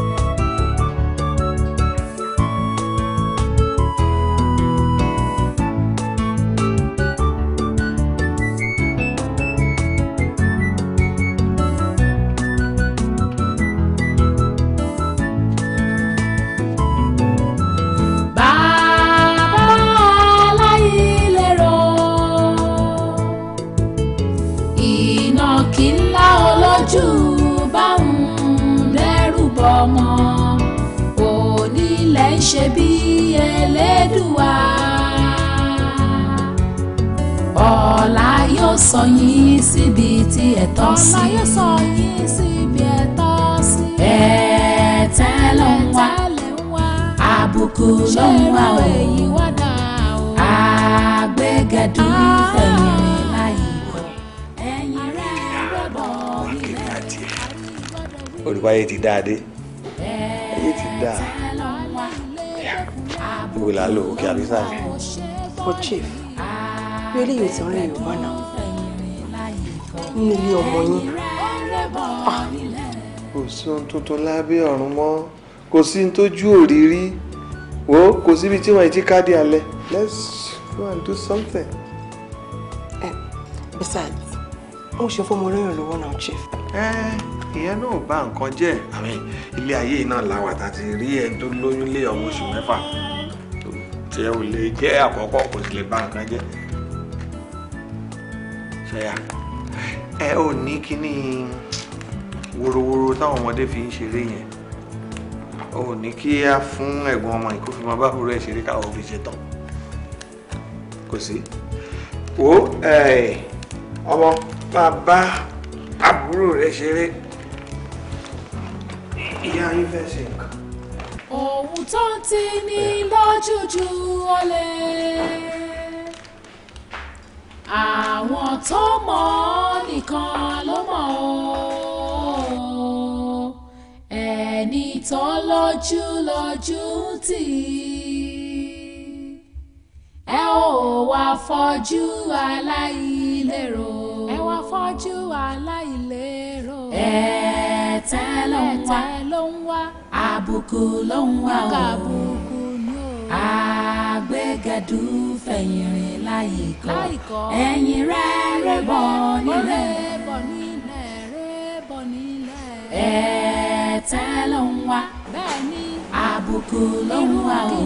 Elédùà ọ̀la yóò sọ yín síbi tí ẹ tọ́ sí. ọ̀la yóò sọ yín síbi ẹ tọ́ sí. ẹ̀ẹ̀tẹ́ ló ń wá àbùkù ló ń wá o àgbẹ̀gẹ̀dù ẹ̀yìn rẹ̀ ah. láyé wọ̀ ẹ̀yìn rẹ̀ rọ̀bọ̀ ilẹ̀ olùwáyé ti dáadé ayé ti dáa níbo là á lò òkè àbísà ni. but chief bí eléyìí ti rìn yorùbá náà nínú ilé ọmọ yín. Ah. kò sí ohun tuntun lábẹ́ ọ̀run mọ́ kò sí ohun tójú òrírí wo kò síbi tí wọ́n ti ká alẹ́ let's go and do something. ẹ eh, besides wọ́n ṣe fún ọmọ lóyún lọ́wọ́ náà chief. ẹ eh, ìyẹn náà ò bá nǹkan jẹ́ àmì ilé ayé náà làwọn àtàtì rí ẹni tó lóyún lé ọmọ oṣù mẹ́fà tiẹ̀ ò lè jẹ́ àkọ́kọ́ kò sì lè bà nǹkan jẹ́ ṣẹ́yà ẹ ò ní kíní worowóró táwọn ọmọdé fi ń ṣeré yẹn ò ní kí á fún ẹ̀gbọ́n ọmọ ìkófìmọ́ bá burú ẹ̀ ṣeré káwọn fi ṣe tán kò sí wo ọmọ máa bá àbúrò rẹ ṣeré ìyá yín fẹ́ nǹkan òun tó ń tì ní lójújú olè àwọn tó mọ̀ ọ́ nìkan ló mọ̀ ọ́ ẹni tó lójú lójú tì ẹ ò wá fọ́jú aláìlérò ẹ wá fọ́jú aláìlérò ẹ̀tẹ́ ló ń wá àbùkù ló ń wá o àgbẹ̀gẹ̀dù fẹ̀yìn rìn láìkọ́ ẹ̀yìn rẹ̀ rẹ̀ bọ̀ nílẹ̀ ẹ̀tẹ́ ló ń wá àbùkù ló wá o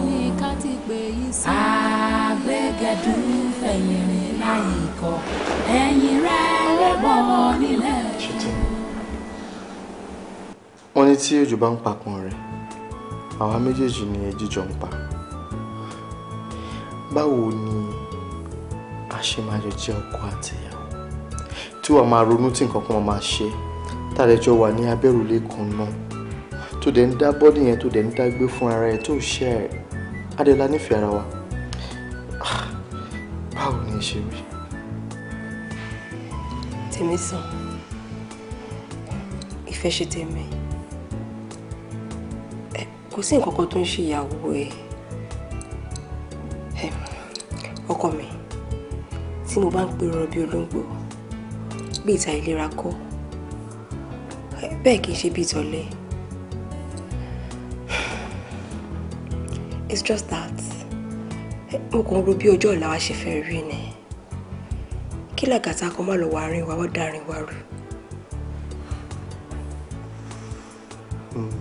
àgbẹ̀gẹ̀dù fẹ̀yìn rìn láìkọ́ ẹ̀yìn rẹ̀ rẹ̀ bọ̀ nílẹ̀ wọ́n ní tí òjò bá ń papọ̀n rẹ̀ àwa méjèèjì ni jíjọ ń pa báwo ni a ṣe máa jọ jẹ́ ọkọ àtìyàwó tí wàá máa ronú tí nǹkan kan máa ṣe tàdéjọ wà ní abẹ́rùlé kan náà tó dẹ̀ ń dá bọ́dì yẹn tó dẹ̀ ń dá gbé fún ara ẹ̀ tó ṣe ẹ̀ adéla nífẹ̀ẹ́ ara wa ah, báwo ni ṣe rí. tèmi sàn ìfẹ́ ṣe tèmi sí nǹkan kan tó ń ṣe ìyàwó ẹ ọkọ mi tí mo bá ń pe rọbí olóńgbò bí ìta ìlera kọ́ bẹ́ẹ̀ kì í ṣe bí ìtọ́lẹ̀ it's just that mo kàn ń ro bí ọjọ́ ọ̀la wa ṣe fẹ́ rí ni kí làgàtà kan má lọ wà rìn wá wọ́n dárin wá rú. Hmm.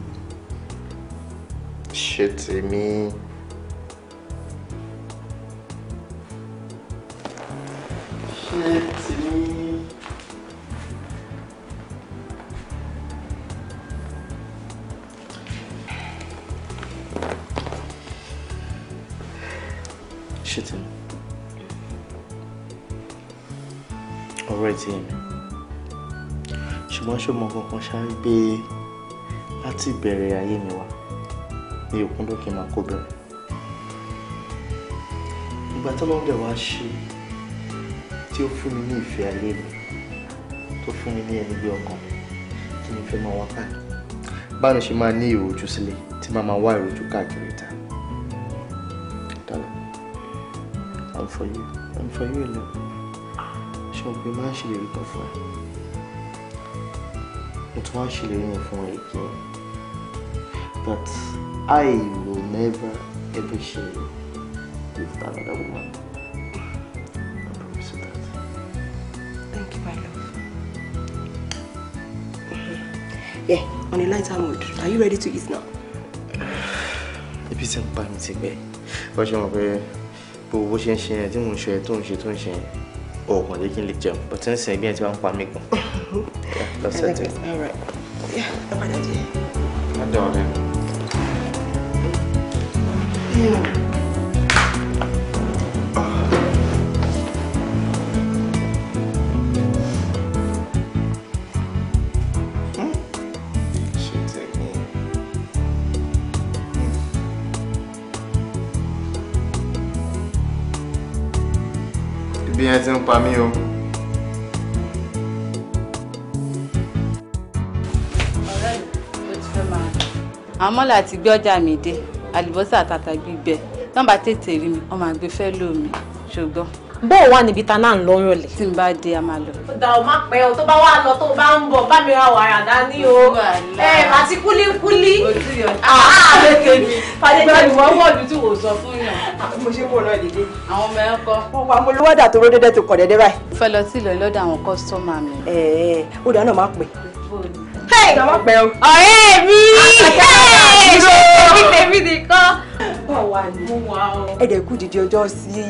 Shit tèmi. me. Shit ṣe me. Shit. ẹ̀ tí yẹn mi ṣùgbọ́n ṣé mo kankan ṣáà gbé láti bẹ̀rẹ̀ ayé mi wá mi ò kúndùn kí n máa kó bẹ̀rẹ̀ ìgbà tó lọ́dẹ̀ wá ṣe tí ó fún mi ní ìfẹ́ ayé mi tó fún mi ní ẹni bí ọkàn kí ni ìfẹ́ máa wá káàkiri báwo ṣe máa ní ìròjú sílẹ̀ tí máa máa wá ìròjú káàkiri ìta darling I'm for you I'm for you alone ṣé o pé máa ń ṣèlérí kan fún ẹ mo tún wá ṣèlérí yẹn fún ẹ kí n but. I will never ever share with another woman. I promise you that. Thank you, my love. Mm-hmm. Yeah, on a lighter mood. Are you ready to eat now? Ebi ti ń pa mi me. gbẹ. Wọ́n ṣe mọ̀ pé bó ṣe ń ṣe yẹn tí mò ń ṣe tó ń ṣe tó ń ṣe yẹn ọ̀kan jẹ́ kí n lè jẹun. Bọ̀tí ń sìn ẹgbẹ́ All right. Yeah, I'm want to do it. I don't know. mọ́lá àti gbé ọjà mi dé àlùbọ́sà àtàtà gbígbẹ tán bá tètè rí mi ọmọ àgbẹ̀ fẹ́ lò mí ṣùgbọ́n. bó o wà níbi ta náà ń lọ rọlẹ̀. tí n bá dé a máa lọ. ó dà ó má pẹ́ o tó bá wà lọ tó bá ń bọ̀ bá mi ra wàrà dání o ẹ àti kúlíkúlí. ojú yọ àbẹ̀kẹ̀ mi fàdébà ni wọ́n wọ̀ ní tí wò sọ fún yàn. Ah, mo ṣe wò lọ dìde. àwọn ọmọ ẹ kọ. wọn pa mo lówó dà tó ródédé tó kọ̀ dédé báyìí. fẹ́ lọ sí ìlọ lọ́dọ̀ àwọn kọ́sítọ́mà mi. ẹ ẹ ó dáná má pẹ́. ọ̀rẹ́ mi ẹ̀dẹ̀ kú dìde ọjọ́ sí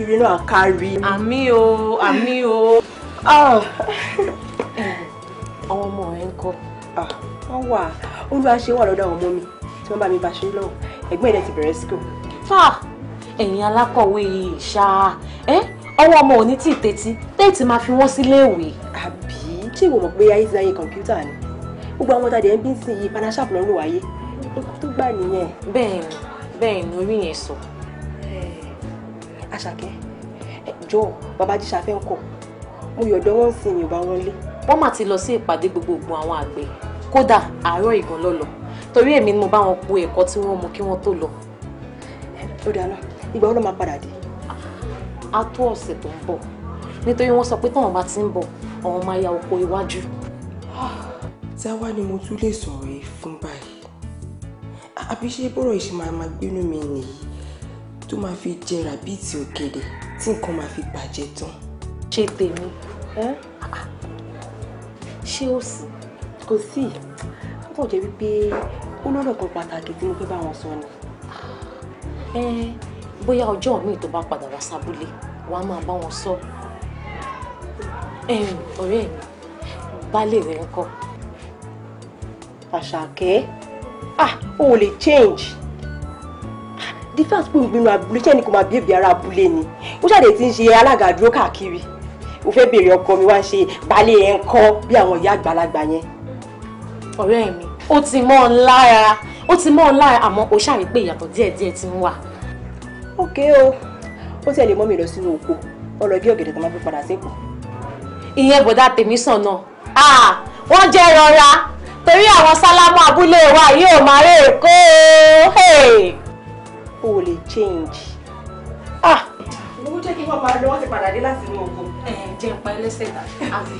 ìrìn náà kárí. àmì o àmì o. Ah. àwọn ọmọ rẹ ń kọ. Ah, wọ́n wà olúwa ṣe wà lọ́dọ̀ àwọn ọmọ mi tí wọ́n bá mi bá ṣe lọ́wọ́ ẹ̀gbọ́n ẹ̀dẹ̀ ti bẹ̀rẹ̀ school. ẹ̀yin alákọ̀wé yìí ṣá ọwọ́ ọmọ òní tí tètí tètí máa fi wọ́n síléèwé. àbí tí ìwọ mọ̀ pé ayé ti láyé kọ̀ǹpútà ni gbogbo àwọn ọmọ tàdé ẹ̀ ń bí ń sìn yìí panasap lọ́rùn wáyé ikú tó gbà nìyẹn. bẹ́ẹ̀ ni bẹ́ẹ̀ ni orí yẹn sọ. àṣàkẹ́ jọ babajíṣà fẹ́ ń kọ̀ mo yọ̀dọ̀ wọn sí ìyìnbá wọn lé. wọ́n mà ti lọ sí ìpàdé gbogbogbò àwọn àgbẹ̀ kódà àárọ̀ ìgàn lọ́lọ́ torí èmi ni mo bá wọn po ẹ̀kọ́ tí wọ́n mu kí wọ́n tó lọ. ó dáná ìgbà wo ló máa padà dé. a tó ọ̀sẹ̀ tó ń bọ̀ nítorí wọ́n sọ pé táwọn bá ti ń bọ̀ àwọn máa ya oko iwájú. Ah, táwa ni mo tún lè sọ̀rọ̀ yìí fún báyìí àbí ṣé bọ́rọ̀ yìí ṣe máa máa gbénú mi nìyí tó máa fi jẹ ràbíìtì ọ̀gẹ̀dẹ̀ tí nǹkan máa fi bàjẹ́ tán. ṣé tèmi ṣé ó sì kò sí kò jẹ́ wípé ó lọ́rọ̀ kan pàtàkì tí mo fẹ́ bá wọn sọ ni bóyá ọjọ́ míì tó bá padà wá sábúlé wàá máa bá wọn sọ ọ̀rẹ́ mi baálé rẹ̀ ń kọ́ àṣàkẹ́ ah o ò lè change the first point gbinu abúlé ṣẹ́ni kò máa bíèbí ara abúlé ni ó ṣàdé tí ń ṣe alága dúró káàkiri ó fẹ́ béèrè ọkọ mi wá ń ṣe balẹ̀ ẹ̀ ń kọ́ bí àwọn ìyá àgbàlagbà yẹn. ọ̀rẹ́ mi ó ti mọ́ ọ lára ó ti mọ́ ọ lára àmọ́ ó ṣàrí pé ìyàtọ̀ díẹ̀díẹ̀ ti ń wà. ok o ó tiẹ̀ lè mọ́ mi lọ sínú oko ó lọ bí ọ̀gẹ̀dẹ̀ tó máa fi padà sí ipò. ìyẹn bọ̀dá tèmi sàn náà ah, wọ́n jẹ́ rọra torí àwọn sálámù abúlé wa yóò máa rè kó o ò lè change. Ah. owó jẹ́ kí wọ́n máa lọ́wọ́ ti padà dé láti inú oko. jẹ́ pa ẹlẹ́sẹ̀ tà àbí.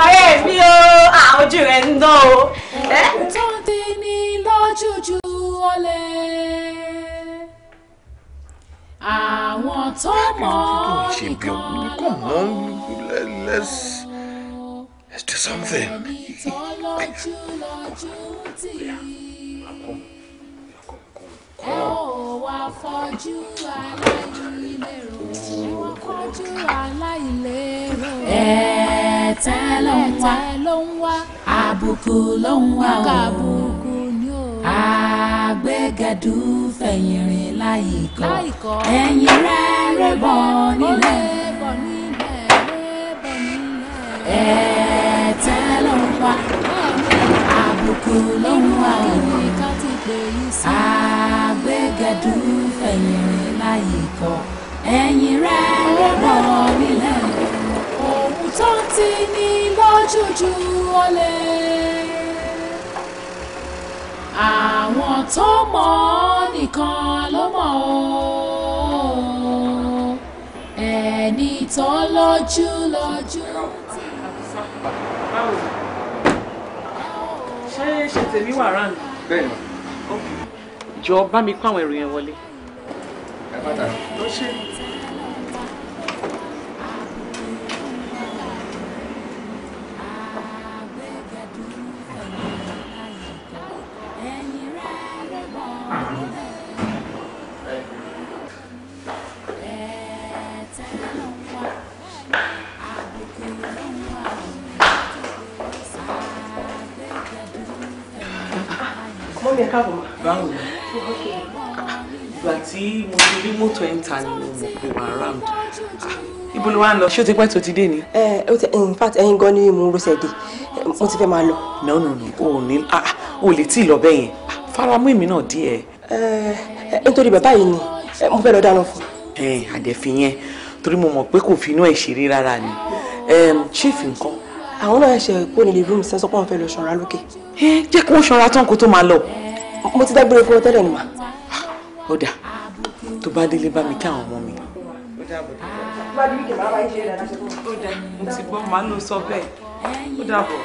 ọ̀rẹ́ mi o ah, ojú rẹ̀ ń dán o. tọ́ndé ní lójújú ọ̀lẹ àwọn tó mọ̀ ọ́ nìkan mọ̀ ọ́. Let's do something. ẹ̀tẹ́ ló ń wá àbùkù ló ń o àgbẹ̀gẹ̀dù fẹ̀yìnrín láìkọ́ ẹ̀yìn rẹ̀ rẹ̀ bọ̀ nílẹ̀. ẹ̀ẹ́ ẹ̀tẹ́ ló ń wá àbùkù ló ń wá àgbẹ̀gẹ̀dù fẹ̀yìn rìn láyé kọ́ ẹ̀yìn rẹ̀ rọ́bọ̀ nílẹ̀ ohun tó ti ní lójújú ọ̀lẹ àwọn tó mọ̀ ọ́ nìkan ló mọ̀ ọ́ ẹni tó lójú lọ. ṣe tèmi wà rán mi. bẹ́ẹ̀ni. jọ bá mi kó àwọn ẹrù yẹn wọlé. ẹ bá dà. ó ṣe mẹ́ta ni mo mọ̀ pé wà ah, ibo ló wá ń lọ ṣé o ti pẹ́ tó ti dé ni. ẹ eh, ẹ o ti in fact ẹyin gan ni mo ń rọṣẹ dé mo ti fẹ́ máa lọ. no no no o ò ah, ah o lè tí ì lọ bẹ́ẹ̀ yẹn ah, faramọ́ èmi náà díẹ̀. ẹ eh, eh, nítorí bàbá yìí ni mo fẹ́ lọ dáná fún. ẹ àdẹ̀fín yẹn torí mo mọ̀ pé kò fi inú ẹ̀ ṣeré rárá ni chief nǹkan. àwọn náà ṣe kó nílé room sẹ́sọ́ pọ́n fẹ́ lọ ṣọ́ra lókè. ẹ jẹ́ kí wọ́n ṣọ́ra tán kó tó máa lọ. mo ti dágbére fún ọ ni mà. ó dáa tó bá délé bá mi kí àwọn ọmọ mi. ó dà mo ti gbọ́ màá lọ sọ bẹ́ẹ̀ ó dàbọ̀.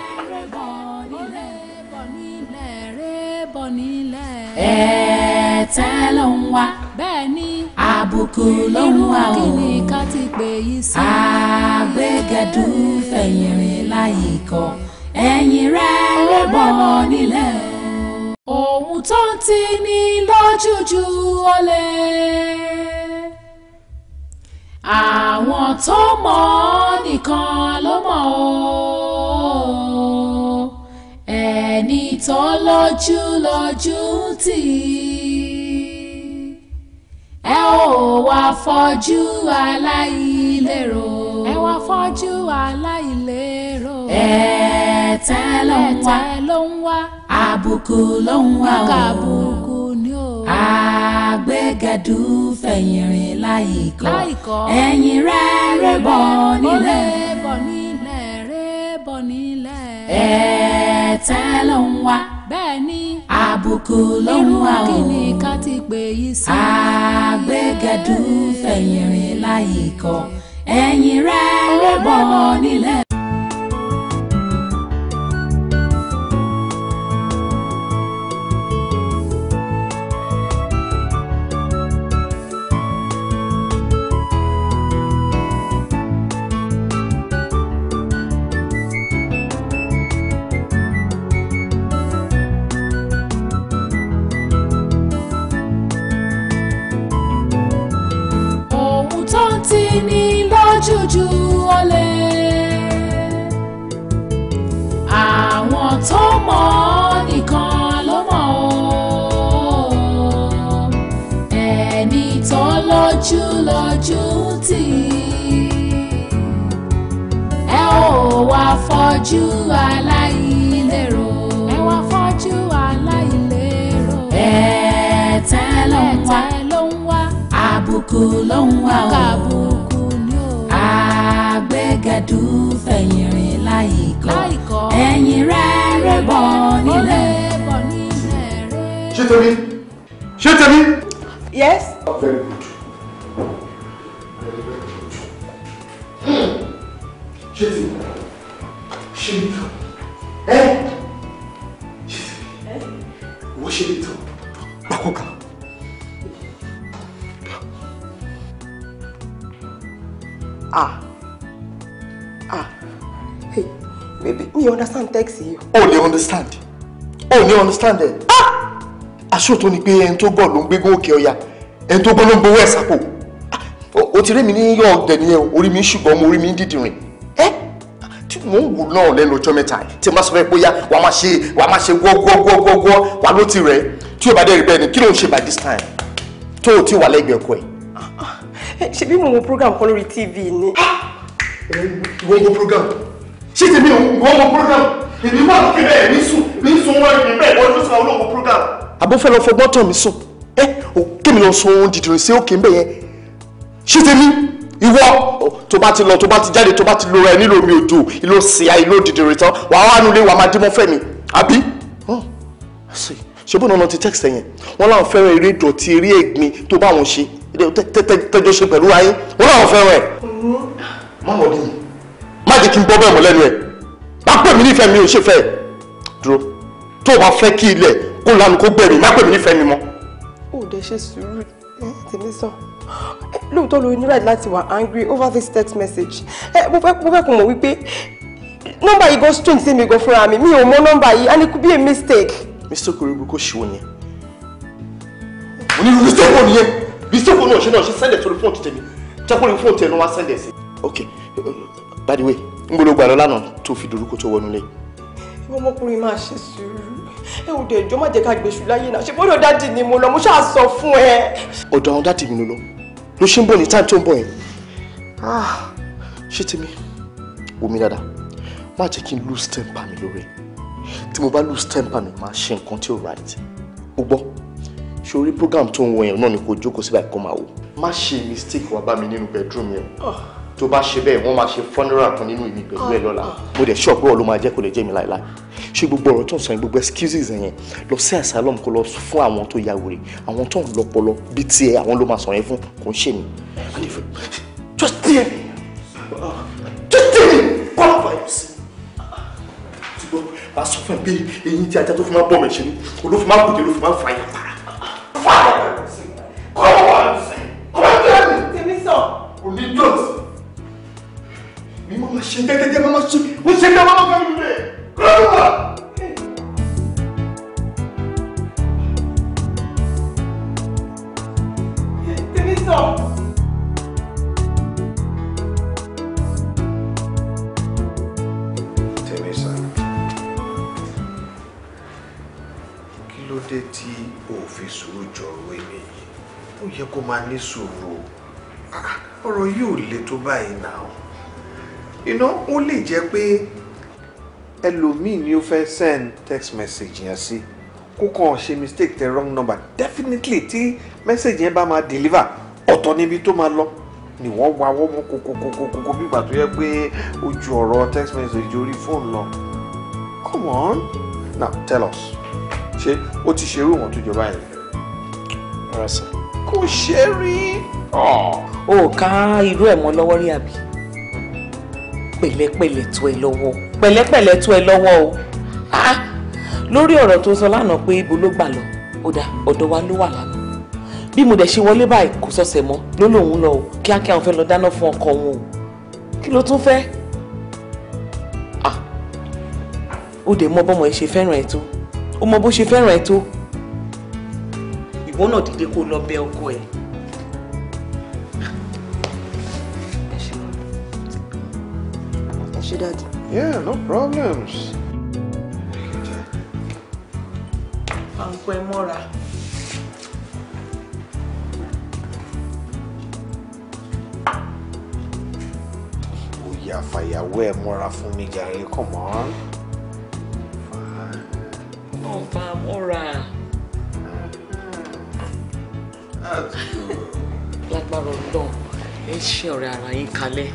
ẹ̀ẹ́tẹ́ ló ń wá bẹ́ẹ̀ ni àbùkù ló ń wá o àgbẹ̀gẹ̀dù fẹ̀yìn rìn láyìíkọ ẹ̀yìn rẹ̀ rẹ̀ bọ̀ nílẹ̀ ohun tó ń tì ní lójú ju olè àwọn tó mọ̀ ọ́ nìkan ló mọ̀ ọ́ ẹni tó lójú lójú ń tì ẹ ò wá fọ́jú aláìlérò ẹ wá fọ́jú aláìlérò ẹ ẹ̀tẹ́ ló ń wá àbùkù ló ń wá o àgbẹ̀gẹ̀dù fẹ̀yìn rìn láìkọ́ ẹ̀yìn rẹ̀ rẹ̀ bọ̀ nílẹ̀ ẹ̀tẹ́ ló ń wá àbùkù ló ń wá o àgbẹ̀gẹ̀dù fẹ̀yìn láìkọ́ ẹ̀yìn rẹ̀ rẹ̀ bọ̀ nílẹ̀. tì í ẹ ò wá fọ́jú aláìlérò ẹ wá fọ́jú aláìlérò ẹ̀tẹ́ ló ń wá àbùkù ló ń wá o àbùkù ni o àgbẹ̀gẹ̀dù fẹ̀yìn rìn láìkọ́ ẹ̀yìn rẹ̀ rẹ̀ bọ̀ nílẹ̀ ṣé tèmi ṣé tèmi. yes. ní understand ẹ̀ ah! aṣóòtó ni pé ẹni tó gọ̀ ló ń gbégún òkè ọya ẹni tó gbọ́ ló ń gbowó ẹ̀ sápò ah! o ti rí mi ní yọ ọ̀dẹ̀ nìyẹn orí mi ń ṣùgbọ́n mo orí mi ń dìdìrìn ẹ́ tí mò ń wò náà lẹ́nu ọjọ́ mẹ́ta tí n bá sọ fẹ́ bóyá wà á máa ṣe wà á máa ṣe gbọ́gbọ́gbọ́gbọ́ wà ló ti rẹ̀ tí o bá dé rí bẹ́ẹ̀ ni kí ló ń ṣe by this time tó o ti wà lẹ́gbẹ̀ẹ́ ọkọ ẹ̀. ṣebí mo wo program kan lórí tv ni. Ah! ìwọ wo program ṣé tèmi ò wọ́n mọ program èmi wà lókè bẹ́ẹ̀ ní sùn ní sùn wọn èmi bẹ́ẹ̀ wọ́n ló sọ olóògùn program. àbúfẹ́ lọ fọgbọ́n tàn mí sùn ẹ kémi lọ sọ ohun dìdìrì sí òkè ń bẹ̀ yẹn ṣé tèmi ìwọ tó bá ti lọ tó bá ti jáde tó bá ti lora ẹ nílò omi òdò ìlò síya ìlò dìdìrì tán wàá wà nulẹ̀ wàá máa dín mọ́ fẹ́ mi àbí. ṣé bọ́n náà ti text yẹn wọ́n láwọn fẹ́ràn eré ìdọ̀tí eré ẹ̀gbin tó bá wọn ṣe tẹ́jọ́ ṣe pẹ̀lú ayé wọ́n láwọn fẹ́ràn ẹ̀. má wọlé yìí má jẹ́ kí n gbọ́ bẹ́ẹ̀ mọ́ lẹ́nu ẹ̀ má pè mí nífẹ̀ẹ́ mi ò ṣe fẹ́ ẹ̀ dúró tó o bá fẹ́ kí ilẹ̀ kó lanu kó gbẹ̀mí má pè mí nífẹ̀ẹ́ mi mọ́. ó dẹ ṣe sùúrù tèmi sọ lóòótọ́ ló ní right láti wà angry over this text message mo fẹ́ kó mọ̀ wípé nọ́mbà yìí gan strange sí mi gan fúnra mi mi ò mọ nọ́mbà yìí and it could be a mistake. mistake oríbu kò ṣìwò nìyẹn mo ní mistake wo nìyẹn mistake wo náà ṣe náà ṣe sẹ́ndẹ̀ sórí fóònù tèmi jẹ́ kó rí fóònù tẹ̀ by the way ń gbọ́dọ̀ gbà lọ tó fi dorúkọ tó wọnú lé. ọmọkùnrin máa ṣe sùúrù ẹ ò dẹjọ́ má jẹ́ ká gbèsù láyé náà ṣe bọ́dọ̀ dáàdì ni mo lọ mo ṣáà sọ fún ẹ. ọ̀dọ̀ àwọn dáàdì mi ló lọ ló ṣe ń bọ̀ ní táìmù tó ń bọ̀ yẹn. Ah. ṣé tèmi wò mí dáadáa má jẹ́ kí n lose temper mi lórí tí mo bá lose temper mi máa ṣe nǹkan tí ò right o gbọ́ ṣe orí program tó ń wọ yẹn náà ni kò jókòó síbà kó máa wò má ṣe mistake wá bá mi nínú bedroom yẹn. Oh tó bá ṣe bẹ́ẹ̀ wọ́n máa ṣe fọ́nrán kan nínú ìmí pẹ̀lú ẹ̀ ah, lọ́la ah. mo dẹ̀ ṣọ́ọ̀pù ọ̀lọ́ máa jẹ́ kó lè jẹ́ mi láìláì ṣé gbogbo ọ̀rọ̀ tó ń sọ yẹn gbogbo excuses yẹn lọ sí asylum kó lọ fún àwọn tó ya wèrè àwọn tó ń lọpọlọ bíi tiẹ̀ àwọn ló máa sọ yẹn fún kò ń ṣe mi just tell me just tell me qualify yourself ṣùgbọ́n a sọ fún ẹ pé eyín tí ajá tó fi máa bọ̀ mẹ́ṣẹ́ ló fi máa bùjẹ́ ló fi máa fàyà ní sùúrù ọ̀rọ̀ yóò le tó báyìí náà iná ó lè jẹ́ pé ẹlòmíì ni ó fẹ́ send text message yẹn sí kó kàn ṣe mistake tẹ wrong number definitely tí message yẹn bá máa deliver ọ̀tọ̀ níbi tó máa lọ ni wọ́n wá wọ́n mú kókókókókó bí ìgbà tó yẹ pé ojú ọ̀rọ̀ text message orí fóònù lọ come on now tell us ṣé ó ti ṣerú wọn tó jọba yẹn. rasa kò ṣe rí. o ká irú ẹ̀ mọ́ lọ́wọ́ rí àbí pẹ̀lẹ́pẹ̀lẹ́ tó ẹ lọ́wọ́ pẹ̀lẹ́pẹ̀lẹ́ tó ẹ lọ́wọ́ o ah, lórí ọ̀rọ̀ tó sọ lánàá pé ibo ló gbà lọ ó dá ọ̀dọ̀ wa ló wà lánàá bí mo dẹ̀ ṣe wọlé báyìí kò sọ̀sẹ̀ mọ́ ló lòun lọ o kíákíá òun fẹ́ lọ dáná fún ọkọ òun o kí ló tún fẹ́ ah, ó dẹ̀ mọ bọ́mọ ẹ ṣe fẹ́ràn ẹ tó ó mọ bó ṣe fẹ́ràn ẹ tó ìwọ náà dìde kó lọ bẹ yeah no problems. àǹkọ ẹ mọ́ra. ìyá fàyàwó ẹ mọ́ra fún mi jàre come on. ọba mọ́ra lágbára ọlọ́run ẹ ṣe ọ̀rẹ́ ara yín kalẹ̀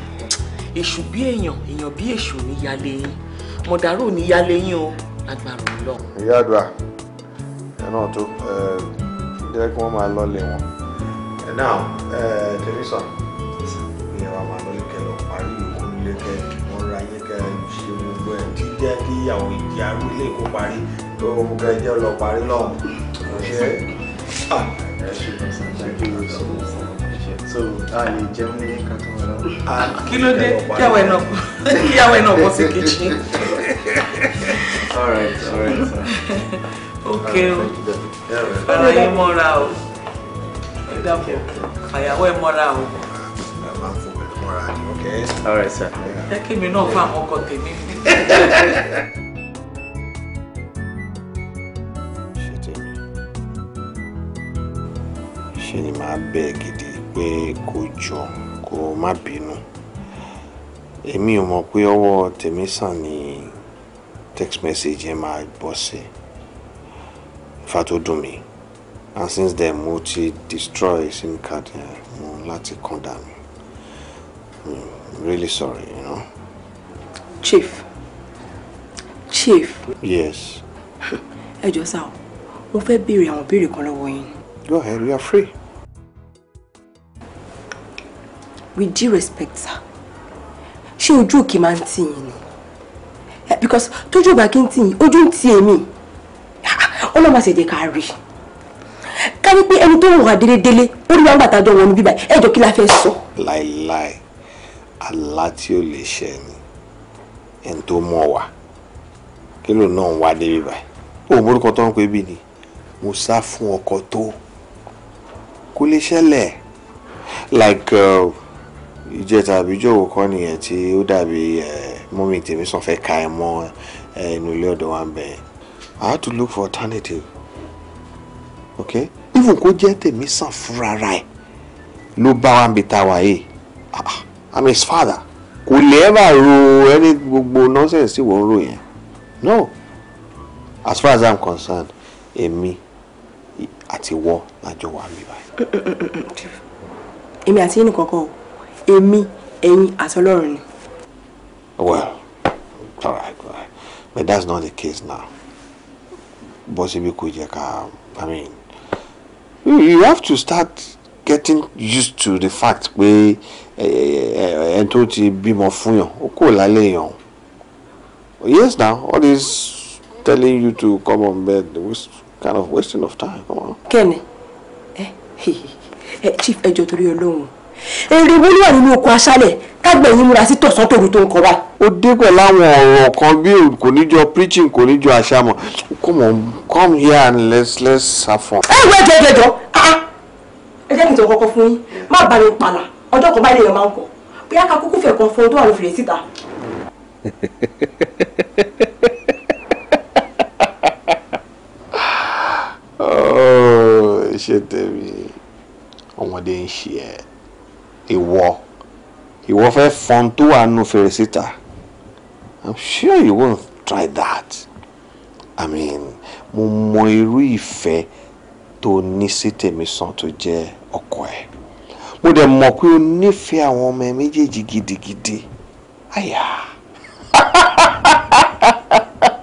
èṣù bí èèyàn èèyàn bí èṣù ní yálé yín mọ̀dàrú ní yálé yín o lágbára ọlọ́run. ìyá àdúrà ẹ náà tó jẹ́ kí wọ́n máa lọ́lẹ̀ wọn. ẹ náà tẹlifíṣàn ìyẹn wa máa lọ́lẹ̀ kẹlọ parí ìkó nílé kẹ wọ́n ra yín kẹ ṣe gbogbo ẹ̀ kí jẹ́ kí àwọn ìdí arú ilé ìkó parí lọ́wọ́ kẹ jẹ́ lọ parí lọ́hùn-ún. ẹ ṣe a lè jẹun ní ká tó wà lọ́wọ́. kí ló dé kíyàwó ẹ̀ náà kíyàwó ẹ̀ náà bọ́ sí kitchen. all right all ok o ọ̀rọ̀ yìí mọ́ra o dàpọ̀ àyàwó ẹ̀ mọ́ra o. all right sir. jẹ́ kí mi náà fún àwọn ọkọ tèmi. ṣe ni màá bẹ́ẹ̀ gidi pé kó jọ kó má bínú èmi ò mọ̀ pé ọwọ́ tèmísàn ni text message yẹn máa bọ́ sí ifá tó dùn mí and since then mo ti destroy sim card yẹn mo láti kàn dànù hmm, i'm really sorry you know. chief chief. yes. ẹ jọ sá o mo fẹ́ béèrè àwọn béèrè kan lọ́wọ́ yín. go ahead we are free. with due respect sir ṣé ojú òkè máa ń tì yín ni eh, because tójú òbá kí n tì yín ojú ń tì èmi ah, ọlọ́mọ àṣẹ̀jẹ̀ ká rí ká ní pé ẹni tó ń wà délédélé ó rí wọn gbàtàjọ wọn bíbá ẹjọ kí la fẹ́ sọ. láéláé àlá tí ó lè ṣẹ ni ẹni tó mọ̀ wá kí ló náà ń wá dé bíbá òun borúkọ tó ń pè bí ni mo sá fún ọkọ tó kó lè ṣẹlẹ̀ like. Uh, ìjẹta àbíjọ òwò kan nìyẹn tí ó dàbí mọ́mí tèmi sàn fẹ́ ka ẹ̀ mọ́ inú ilé ọ̀dọ̀ wa ń bẹ̀ I had to look for alternative okay even kó jẹ́ tèmi sàn fúnra ra ẹ̀ ló bá wa ń bi ta wà ah, ah, I'm his father kò lè ẹ́ bá ro ẹni gbogbo nonsense tí wọ́n ń ro yẹn no as far as I'm concerned èmi àti wọ́ lájọ wà mí báyìí. èmi àti yín nìkan kan o èmi ẹ̀yin àtọlọ́run ni. well all right, but that's not the case now bọ́sibí kò jẹ́ ká i mean you have to start getting used to the fact pé ẹni tó ti bímọ fún yàn ó kò lálẹ́ yàn yes now all this telling you to come on bed was kind of wasting of time come on. kẹ́ni ẹ chief ẹjọ́ torí Ọlọ́run èrè wo ló wà nínú oko aṣálẹ̀ kágbẹ̀ yín múra sí tọ̀sán tòru tó ń kọ́ra. ó dé pẹ̀lú àwọn ọ̀rọ̀ kan bí kò ní jọ preaching kò ní jọ àṣàmọ̀ come on come here and let's let's have fun. ẹ wẹ́ẹ́ jẹjẹ jọ ah, ẹ jẹ́ kí n tó kọ́kọ́ fún yín má bá mi pààlà ọjọ́ kan báyìí lèèyàn máa ń kọ́ bóyá ká kúkú fẹ̀ kan fún ọdún àlọ́ fèrè síta. Oh, ṣé tèmi ọmọdé ń ṣe ẹ́ ìwọ ìwọ fẹ́ fọn tó wà nù fèrèsé ta i'm sure you won't try that i mean mo mọ irú ìfẹ́ tó ní sí tèmi sàn tó jẹ́ ọkọ ẹ̀ mo dẹ̀ mọ̀ pé o nífẹ̀ẹ́ àwọn ọmọ ẹ méjèèjì gidigidi àyà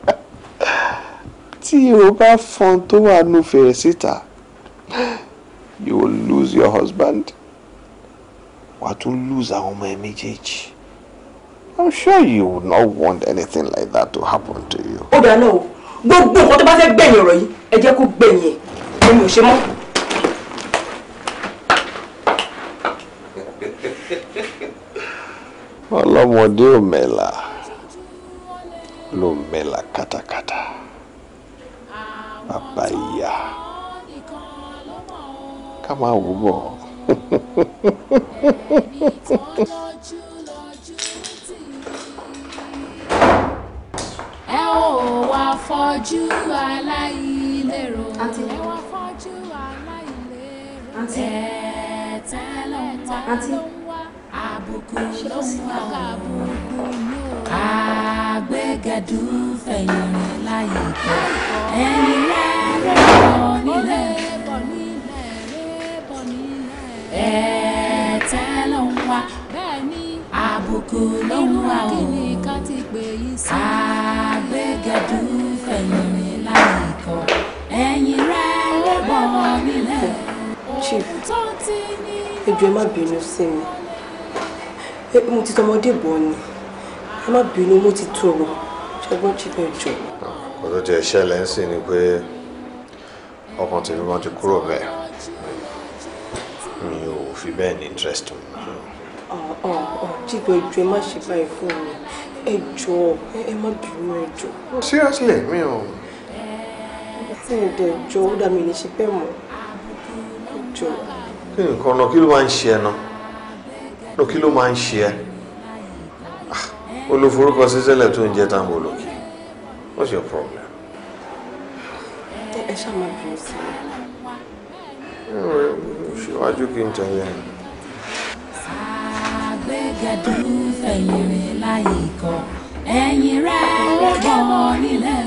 tí o bá fọn tó wà nù fèrèsé ta you will lose your husband wà á lose àwọn ọmọ i'm sure you would not want anything like that to happen to you. Oh, dáa náà Go, go. nǹkan tó bá fẹ́ gbẹ̀yìn ọ̀rọ̀ yìí ẹ jẹ́ kó gbẹ̀yìn kata kata. ò ṣe mọ́. ọlọ́mọdé ẹ ò wá fọjú aláìlérò ẹ wá fọjú aláìlérò ẹ̀ẹ́tẹ́ ló ń wá ló ń wá àbùkù ló ń wá àbùkù ló ń wá. àgbẹ̀gẹ̀dù fẹ̀yìn rìn láyé ẹni lẹ́rẹ̀ẹ́ kọ́ nílẹ̀ kọ́ nílẹ̀ ẹ̀tẹ́ ló ń wá bẹ́ẹ̀ ni àbùkù ló ń wá o kíni ká ti pè yí sí. àgbẹ̀gẹ̀dù fẹ̀yìn mi láì kọ ẹ̀yìn rẹ̀ ló bọ̀ nílẹ̀ ohun tó ti ní. ẹ jọ̀ọ́ ẹ má bínú sí mi mo ti tọmọdé bọ̀ ni ẹ má bínú mo ti tọrọ ṣọgbọ́n jí bẹ́ẹ̀ jọ. ọ̀dọ́ tí ẹ ṣẹlẹ̀ ń ni pé ọkàn tèmi máa ti kúrò bẹ́ẹ̀ mi ò fi bẹ́ẹ̀ ní interest mi. jíjọ ìjọ ẹ má ṣe báyìí fún mi ẹ jọ ẹ má bínú ẹ jọ. seriously mi ò. tí mi dẹ̀ jọ ó dà mí ní ṣe bẹ́ẹ̀ mọ́ ẹ jọ. kí nǹkan ọ̀nà kí ló máa ń ṣe ẹ náà kí ló máa ń ṣe ẹ ah, olùforúkọ sísẹ́lẹ̀ tó ń jẹ́ tàǹbù lókè what's your problem. ẹ ṣáà máa bínú sí ṣíwájú kí n tẹ̀lé. àgbẹ̀gẹ̀dù fẹ̀yìn rẹ̀ láyé ikọ̀ ẹ̀yìn rẹ̀ lọ́gbọ̀n nílẹ̀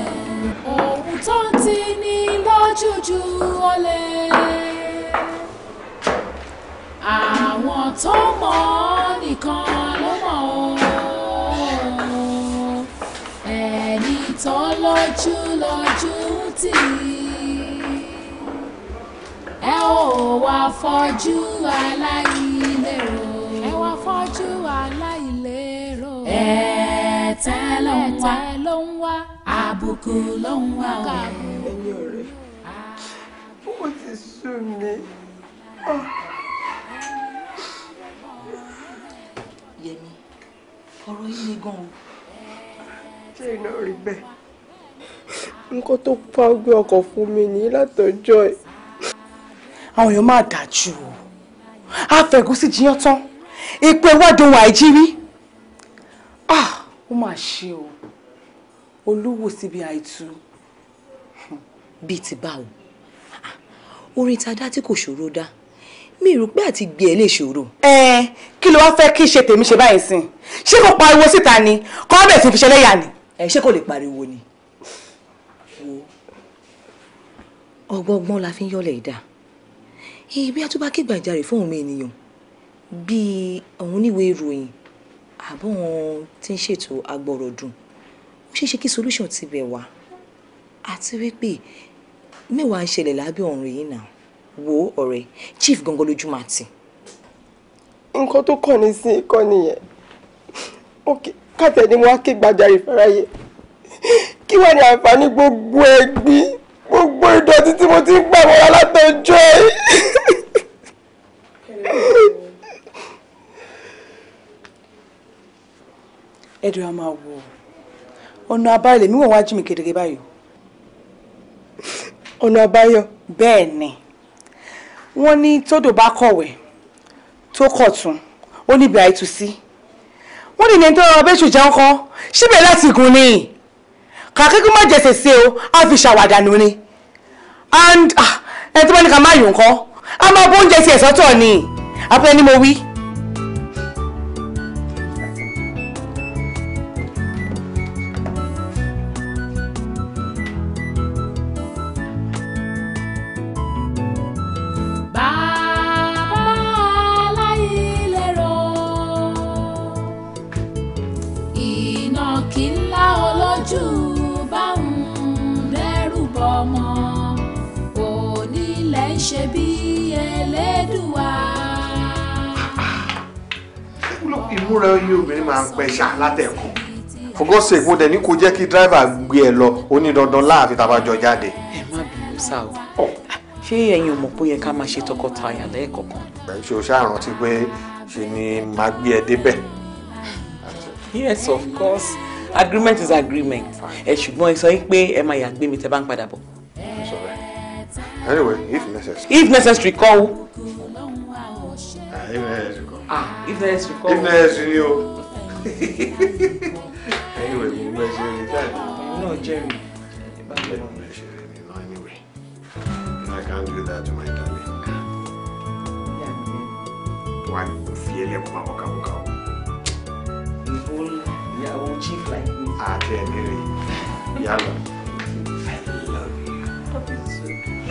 ohun tó ń tì ní lójújú ọ̀lẹ àwọn tó mọ̀ nìkan ló mọ̀ ẹni tó lójú lójú tì í ẹ ò wá fọ́jú aláìlérò. ẹ wá fọ́jú aláìlérò. ẹ̀tẹ́ ló ń wá ẹ̀tẹ́ ló ń wá àbùkù ló ń wá o. ẹ̀yin ọ̀rẹ́ ó ti sú mi. Ah. Yẹmi ọ̀rọ̀ yìí le gan-an. ṣé iná rí bẹ́ẹ̀ nǹkan tó pa ọgbẹ́ ọkọ̀ fún mi nìyí látọjọ́ ẹ̀ àwọn èèyàn máa dájú o àfẹ̀gúsí jiyán tán ìpè wádìí ohun àìjírí ah ó mà ṣe o olúwo síbi àìtú bíi ti báwo orin ta dá tí kò ṣòro dá mi rò pé àti gbé ẹ e lè ṣòro. ẹ kí ló wá fẹ́ kí ṣe tèmi ṣe báyìí sí ṣé kò pariwo síta ni kọ́ńbẹ̀ tó fi ṣẹlẹ́yà ni. ẹ ṣé kò lè pariwo ni. ọgbọ́n ọgbọ́n la fi ń yọ̀lẹ̀ ìdá Eh, bí a tún bá kígbà ìjà rè fún òun ènìyàn bíi ọ̀hún níwèé ìròyìn àbọ̀wọ̀n tí ń ṣètò agbọ̀rọ̀dùn ó ṣeé ṣe kí solution ti bẹ̀ wá àti wípé mẹ́wàá ń ṣẹlẹ̀ lábẹ́ ọ̀run yìí náà wo ọ̀rẹ́ chief gangan lójú máa tì. nǹkan tó kàn ní sí ikọ́ nìyẹn kàtẹ́ ni wọ́n á ké gbàjarè fáráyé kí wọ́n ní àǹfààní gbogbo ẹgbẹ́ gbogbo ìdọ̀tí tí mo ti ń gbà mọ́ra látọjọ́ yìí. ẹ̀dùn a máa wò ọ̀nà àbáyọ lèmi wọ̀n wá jí mi kedere báyìí. ọ̀nà àbáyọ. bẹ́ẹ̀ ni wọ́n ní tódò bá kọ̀wé tó kọ̀ tún ó níbi àìtú sí wọ́n ní ní tó ọ̀rọ̀ bẹ́ẹ̀ ṣùjẹ́ ńkọ́ síbẹ̀ láti gùn ni kàkíkú má jẹ̀sẹ̀ sí o á fi ṣàwàdà nù ni and ah, ẹ tí wọ́n ní ká má yùn kọ́ a máa bó oúnjẹ tiẹ̀ sọ́tọ̀ ni àpẹẹrẹ ni mo wí. ṣe bí ẹlẹ́dùnwá. ìmúra iye obìnrin máa ń pẹ́ ṣá látẹ̀kùn fọgọ́sẹ̀ èpo dẹ̀ ní kò jẹ́ kí dírẹ́fà gbé ẹ lọ ó ní dandan láàfin tá a bá jọ jáde. ẹ má bínú sá o ṣé ẹ̀yin ò mọ̀ pé yẹ ká máa ṣe tọkọtaya lẹ́ẹ̀kọ̀kan. ṣé o ṣàrántí pé ṣe ni màá gbé ẹ débẹ̀. yes of course agreement is agreement ẹ ṣùgbọ́n ẹ sọ pé ẹ máa yàgbé mi tẹ́ bá ń padà bọ̀ anyway if necessary. if necessary call. Ah, if necessary call. ah if necessary you. o. if necessary ni o. anyway mo gbẹ ṣe ní time. náà jẹ́rìí. I can't do that to my darling. Why? Feel your mama waka waka. Even your chief like me. Ah, dear, dear. Yalla. I love you.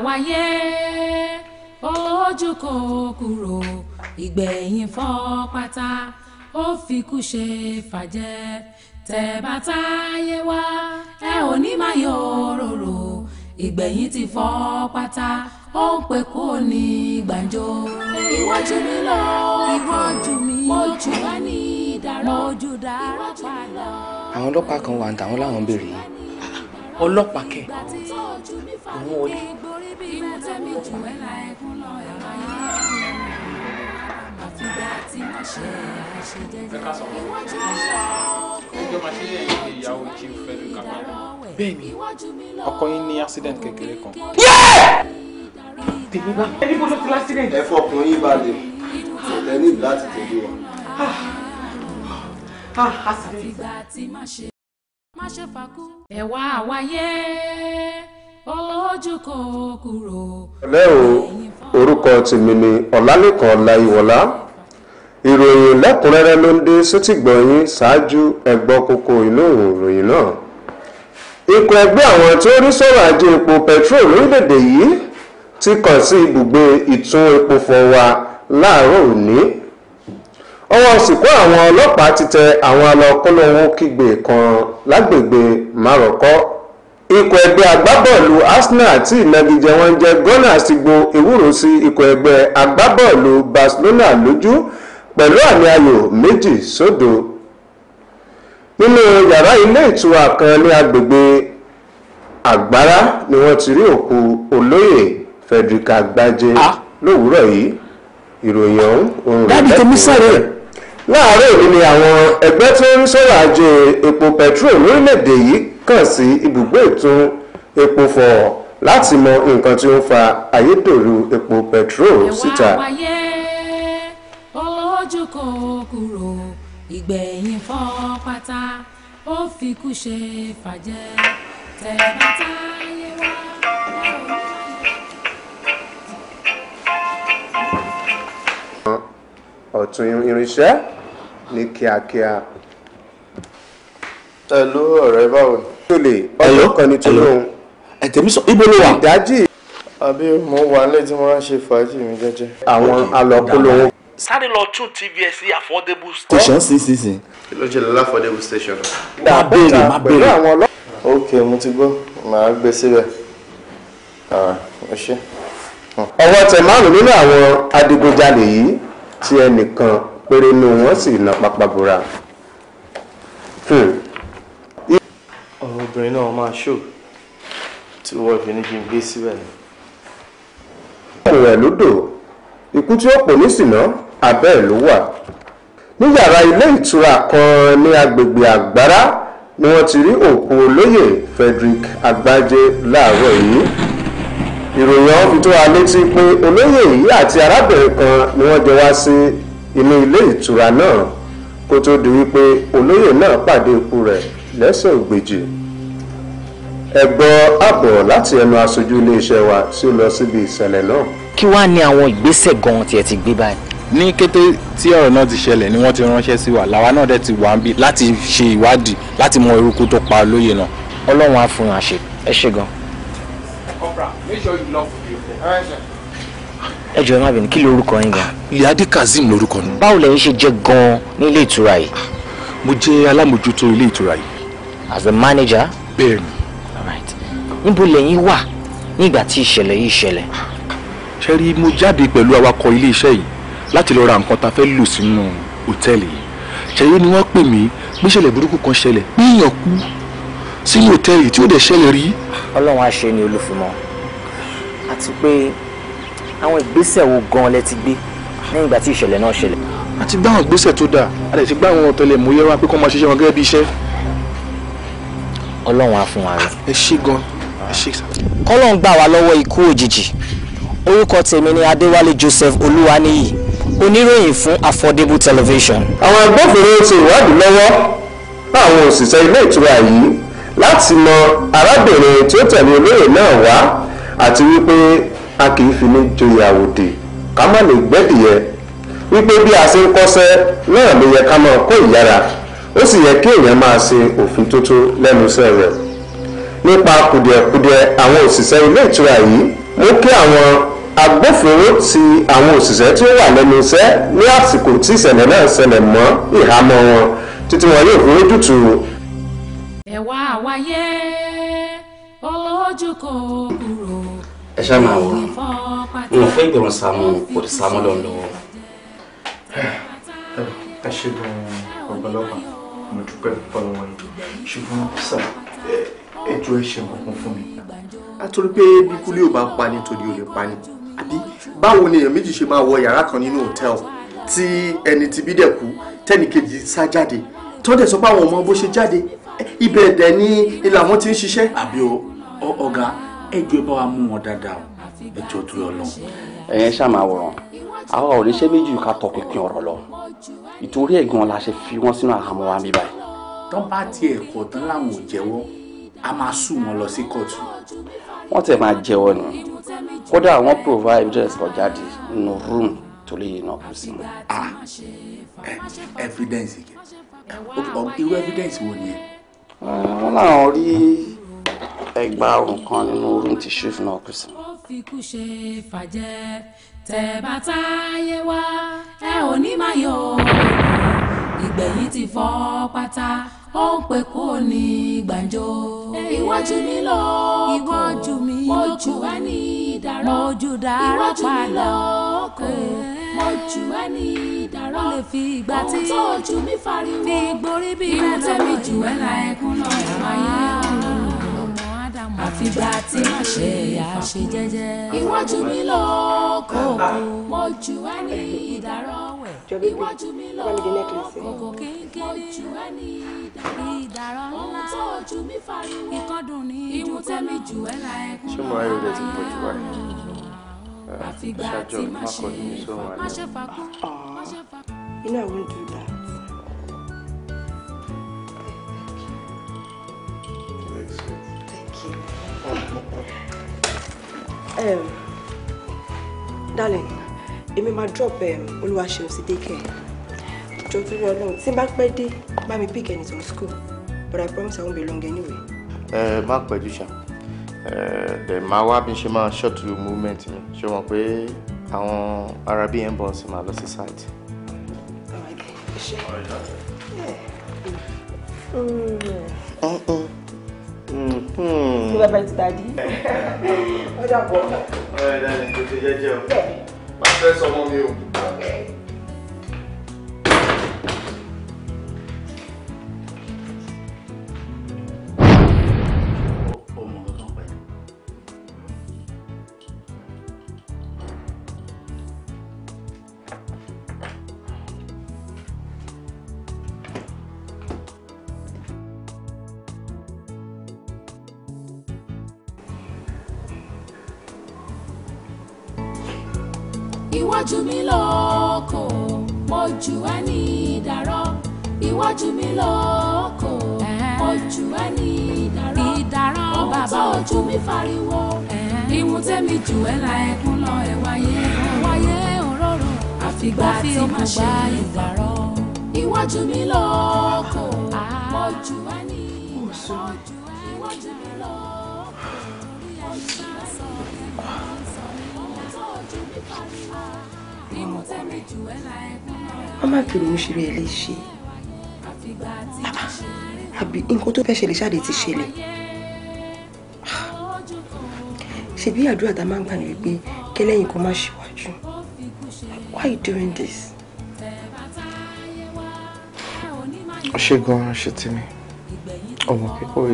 wáyé ojú kò kúrò ìgbẹ̀yìn fọ́ pátá ó fi kú ṣe fàjẹ́ tẹ́ bá táyé wá ẹ ò ní máa yọ òróró ìgbẹ̀yìn ti fọ́ pátá ó ń pè kó ní gbàǹjo. iwájú mi lọ iwájú mi mojú wá ní dá padà. àwọn ọlọ́pàá kan wà ń tàwọn láwọn béèrè yìí ọlọ́pàá kẹ òun wọlé. bẹ́ẹ̀ni ọkọ yín ní accident kékeré kan. tèmi bá. ẹni bó ló ti accident. ẹ fọkàn yín balẹ̀ ẹ ní láti tẹ̀lé wa. Ah, ah, accident ẹ̀wà àwáyé olójú kò kúrò. ọ̀lẹ́ o orúkọ tèmi ni ọ̀làlẹ́kan ọ̀làyíwọ̀lá ìròyìn lẹ́kùnrẹ́rẹ́ ló ń dé sétìgbọ̀nyín ṣáájú ẹ̀gbọ́n kókó inú ìròyìn náà ikọ̀ ẹgbẹ́ àwọn tó rí sọ̀rọ̀ ajé epo petrol lórílẹ̀‐èdè yìí ti kàn sí ibùgbé ìtún epo fọwa láàárọ̀ òní ọwọ́ sìnkú àwọn ọlọ́pàá ti tẹ àwọn alọ́kọ́lọ́wọ́ kígbe kan lágbègbè márọ̀kọ́ ikọ̀ ẹgbẹ́ agbábọ́ọ̀lù arsenal tí ìnagijẹ wọn jẹ́ gunners ti gbo ìwúrò sí ikọ̀ ẹgbẹ́ agbábọ́ọ̀lù barcelona lójú pẹ̀lú àmì ayò méjì sódò nínú yàrá ilé ìtura kan ní agbègbè àgbára ni wọ́n ti rí òkú olóyè federica gbájé ah. lówùúrọ̀ yìí ìròyìn ọ̀hún òun rẹ̀ lẹ́kùn láàárọ̀ èyí ni àwọn ẹgbẹ́ tí ń sọ̀rọ̀ àjò epo petrol lórílẹ̀‐èdè yìí kàn sí ibùgbé ìtún epo fọ̀ láti mọ nǹkan tí ó ń fa ayédèrú epo petrol síta. ẹ̀wà wáyé ọlọ́jú kò kúrò ìgbẹ̀yìn fọ́ pátá ó fi kú ṣe fàjẹ́ tẹ̀ bàtà yẹ wá. ọ̀tún irinṣẹ́ ní kíákíá. ẹ̀lú ọ̀rẹ́ báwo ni. tòlè ọ̀rọ̀ kan ní tòlóhùn. ẹ̀tẹ̀mí sọ ibo ló wà. ìdájì. àbí mo wà létí mo máa ń ṣe fàájì mi jẹ́jẹ́. àwọn alọ́kólówó. sáré lọ tún tvs affordable station sí sí sí. kí ló jẹ́ lọ láfọ̀débù station. má béèrè má béèrè. ok mo ti gbọ́ màá gbé síbẹ̀ ọwọ́ tẹ̀ márùn-ún nínú àwọn adigunjalè yìí tí ẹnìkan péré nu wọn sì na pápá bora. Hmm. ọ̀rọ̀ obìnrin náà máa ṣó tí wọ́n fi ní kí n gbé síbẹ̀ ni. ọ̀rọ̀ rẹ̀ ló dò ikú tí ó pò ní sìnà abẹ́ ẹ̀ ló wà ní yàrá ilé ìtura kan ní agbègbè àgbárá ni wọ́n ti rí òkú olóyè Frederick Agbaje láàárọ̀ yìí ìròyìn ọ̀hún fi tó wa létí pé olóyè yìí àti arábìnrin kan ni wọ́n jọ wá sí inú ilé ìtura náà kó tó di wípé olóyè náà pàdé ikú rẹ̀ lẹ́sẹ̀ ògbèjì ẹ gbọ́ láti ẹnu aṣojú iléeṣẹ́ wa tí ó lọ síbi ìṣẹ̀lẹ̀ náà. kí wàá ní àwọn ìgbésẹ̀ gan-an tí ti gbé báyìí. ní kété tí ọ̀rọ̀ náà ti ṣẹlẹ̀ ni wọ́n ti ránṣẹ́ sí wa làwa náà dẹ̀ ti wà ń bí láti ṣe ìwádìí láti mọ irúkú tó pa olóyè náà ọlọ́run á fún un àṣẹ ẹ ṣé gan ẹ jọ̀ọ́ ẹ má bínú kí lorúkọ yín gan. Liade Kazeem lorúkọ mi. báwo lẹ́yìn ṣe jẹ́ gan-an ní ilé ìtura yìí. mo jẹ́ alámòjútó ilé ìtura yìí. as the manager. bẹ́ẹ̀ni. alright níbo lẹ́yìn wà ní ìgbà tí ìṣẹ̀lẹ̀ yìí ṣẹlẹ̀. ṣe mo jáde pẹ̀lú awakọ̀ ilé iṣẹ́ yìí láti lọ ra nǹkan tá a fẹ́ lò sínú hòtẹ́ẹ̀lì yìí ṣẹyẹ ni wọ́n pè mí gbéṣẹ̀lẹ̀ burúkú kan ṣẹlẹ̀ níyàn kú sínú hòtẹ́ẹ̀lì tí ó dẹ̀ ṣẹlẹ̀ rí. ọlọ́run á ṣe ni olúfimọ́ àti pé àwọn ìgbésẹ̀ wo gan-an lẹ ti gbé lẹ́yìn ìgbà tí ìṣẹ̀lẹ̀ náà ṣẹlẹ̀. a ti gbá àwọn ìgbésẹ̀ tó dáa a lè ti gbá àwọn ọ̀tẹlẹ̀múyẹ́ wa pé kó máa ṣiṣẹ́ wọn gẹ́gẹ́ bí iṣẹ́. ọlọ́run á fún wa rẹ. ẹ ṣé gan ẹ ṣé sá. kọ́lọ́n gbà wá lọ́wọ́ ikú òjijì orúkọ tèmi ni adéwálé joseph olúwaníyì oníròyìn fún affordable television. àwọn agbófinró ti ìwádìí lọ́wọ́ fáwọn òṣìṣẹ́ ilé ìtura yìí láti mọ arábìnrin tí ó tẹ̀lé olóyè náà wá àti wípé a kì í fi ní joyè àwòdì ká má lè gbẹ́dìyẹ wípé bí a ṣe ń kọ́ṣẹ́ náà ló yẹ ká máa kó ìyára ó sì yẹ kí èèyàn máa ṣe òfin tótó lẹ́nu iṣẹ́ rẹ̀ nípa kùdìẹ̀kudiẹ àwọn òṣìṣẹ́ ilé ìtura yìí mú kí àwọn agbófinró ti àwọn òṣìṣẹ́ tí ó wà lẹ́nu iṣẹ́ ní àsìkò tí ìṣẹ̀lẹ̀ náà ṣẹlẹ̀ mọ́ ìhámọ́ wọn títí wọn yóò fi rójútùú. ẹ̀wà àwáyé ọlọ́jú kò ẹ ṣáà máa wòran wọn fún ìgbẹ̀rún sàmù kò tí sàmù lọ lọ́wọ́. ẹ ṣe gan-an ọ̀pọ̀lọpọ̀ mo dúpẹ́ pọ̀lọ́wọ́ yìí ṣùgbọ́n sà ẹjọ́ ẹ ṣe kankan fún mi. a torí pé bí kúlé ò bá pa ni torí ò lè pa ni àbí báwo ni èèyàn méjì ṣe máa wọ yàrá kan nínú hòtẹ́ẹ̀lì tí ẹni ti bí dẹ̀kú tẹ́nìkejì sá jáde tọ́dẹ̀ sọ pé àwọn ọmọ bó ṣe jáde ibẹ̀ dẹ̀ ni ìlànà ti ń ṣiṣẹ́. àbí ọ̀gá ẹjọ́ ẹ bá wa mú wọn dáadáa o ẹjọ́ tó yọ lọ. ẹ̀yin ṣáà máa wọ̀ràn àwa ò níṣẹ́ méjì ká tọpinpin ọ̀rọ̀ lọ ìtorí ẹ̀gbọ́n la ṣe fi wọ́n sínú àhámọ́ wa bíbá tó bá tiẹ̀ kọ̀ tán láwọn ò jẹ́wọ́ a máa sùn wọn lọ sí kóòtù. wọ́n tẹ̀ máa jẹ́wọ́ ni kódà wọ́n provide evidence for jáde nínú room tó lè yìnbọn kù sí. evidence irú evidence wo ni ẹ. wọ́n láwọn rí ẹgbà ọrùn kan nínú room ti ṣíf náà kù sí. ó fi kú ṣe fàjẹ́ tẹ̀ bàtà yé wá ẹ ò ní máa yọ ìgbẹ̀yìn ti fọ́ pátá ó ń pè kó ní gbàǹjo. iwájú mi lọ iwájú mi wá ní ìdárọ̀ mojú dárọ̀ padà kò mojú wá ní ìdárọ̀ lè fi ìgbà tí ohun tó ojú mi fariwo fi gborí bí ìrẹ́tẹ̀mí jù ẹ́ la ẹkún ayé ọ̀rọ̀ fìgbà tí má ṣe yà ṣe jẹ́jẹ́. iwájú mi lọ kòkò mo jù ẹ́ ní ìdárọ̀wẹ̀. iwájú mi lọ kòkò kínkín mo jù ẹ́ ní ìdárọ̀ ńlá. ohun tó ojú mi fariwo ìkọ́dùn ní ìdùn tẹ́mi jù ẹ́ la ẹkún náà. ṣé mo ti pọ̀ jù wáyé? àfìgbà tí má ṣe fàkún má ṣe fàkún. you know um, darling èmi máa drop um, olúwaṣeun sí daycare jọ tó rí ọlọ́run tí n bá pẹ́ dé bá mi pick ẹni from school but i promise i won't be long anyway. ẹ má pẹ́jú ṣá ẹ máa wá bí n ṣe máa short to movement mi ṣé wọn pé àwọn ará bíi ẹ̀ ń bọ̀ sí máa lọ site. ọ̀rọ̀ ìgbà ṣe. Mm. Mm. Hmm. mo bẹ bẹ ti dadi. ó dà bọ̀. ọ̀rẹ́ dani kò tó jẹ́jẹ́ o máa fẹ́ sọmọ mi o. fariwo ìmú tẹ́mi jù ẹ́ la ẹkún lọ ẹ̀ wáyé wáyé òróró àfìgbà tí máa ṣe ìdàrọ́ iwájú mi lọ́kọ̀ ọjọ́ ẹni ọjọ́ iwájú mi lọ́kọ̀ ọjọ́ sọ ẹ̀kọ́ sọ ohun tó ojú mi fariwo ìmú tẹ́mi jù ẹ́ la ẹkún lọ ẹ̀ wáyé. wọ́n máa fi ẹ léṣe àbí nǹkan tó fẹ́ ṣẹlẹ̀ ṣáde ti ṣẹlẹ̀ ṣebí àdúrà tá a máa ń gbà ní wípé kẹlẹ́yìn kan má ṣíwájú why you doing this. ṣé gan-an ṣe ti mi ọmọ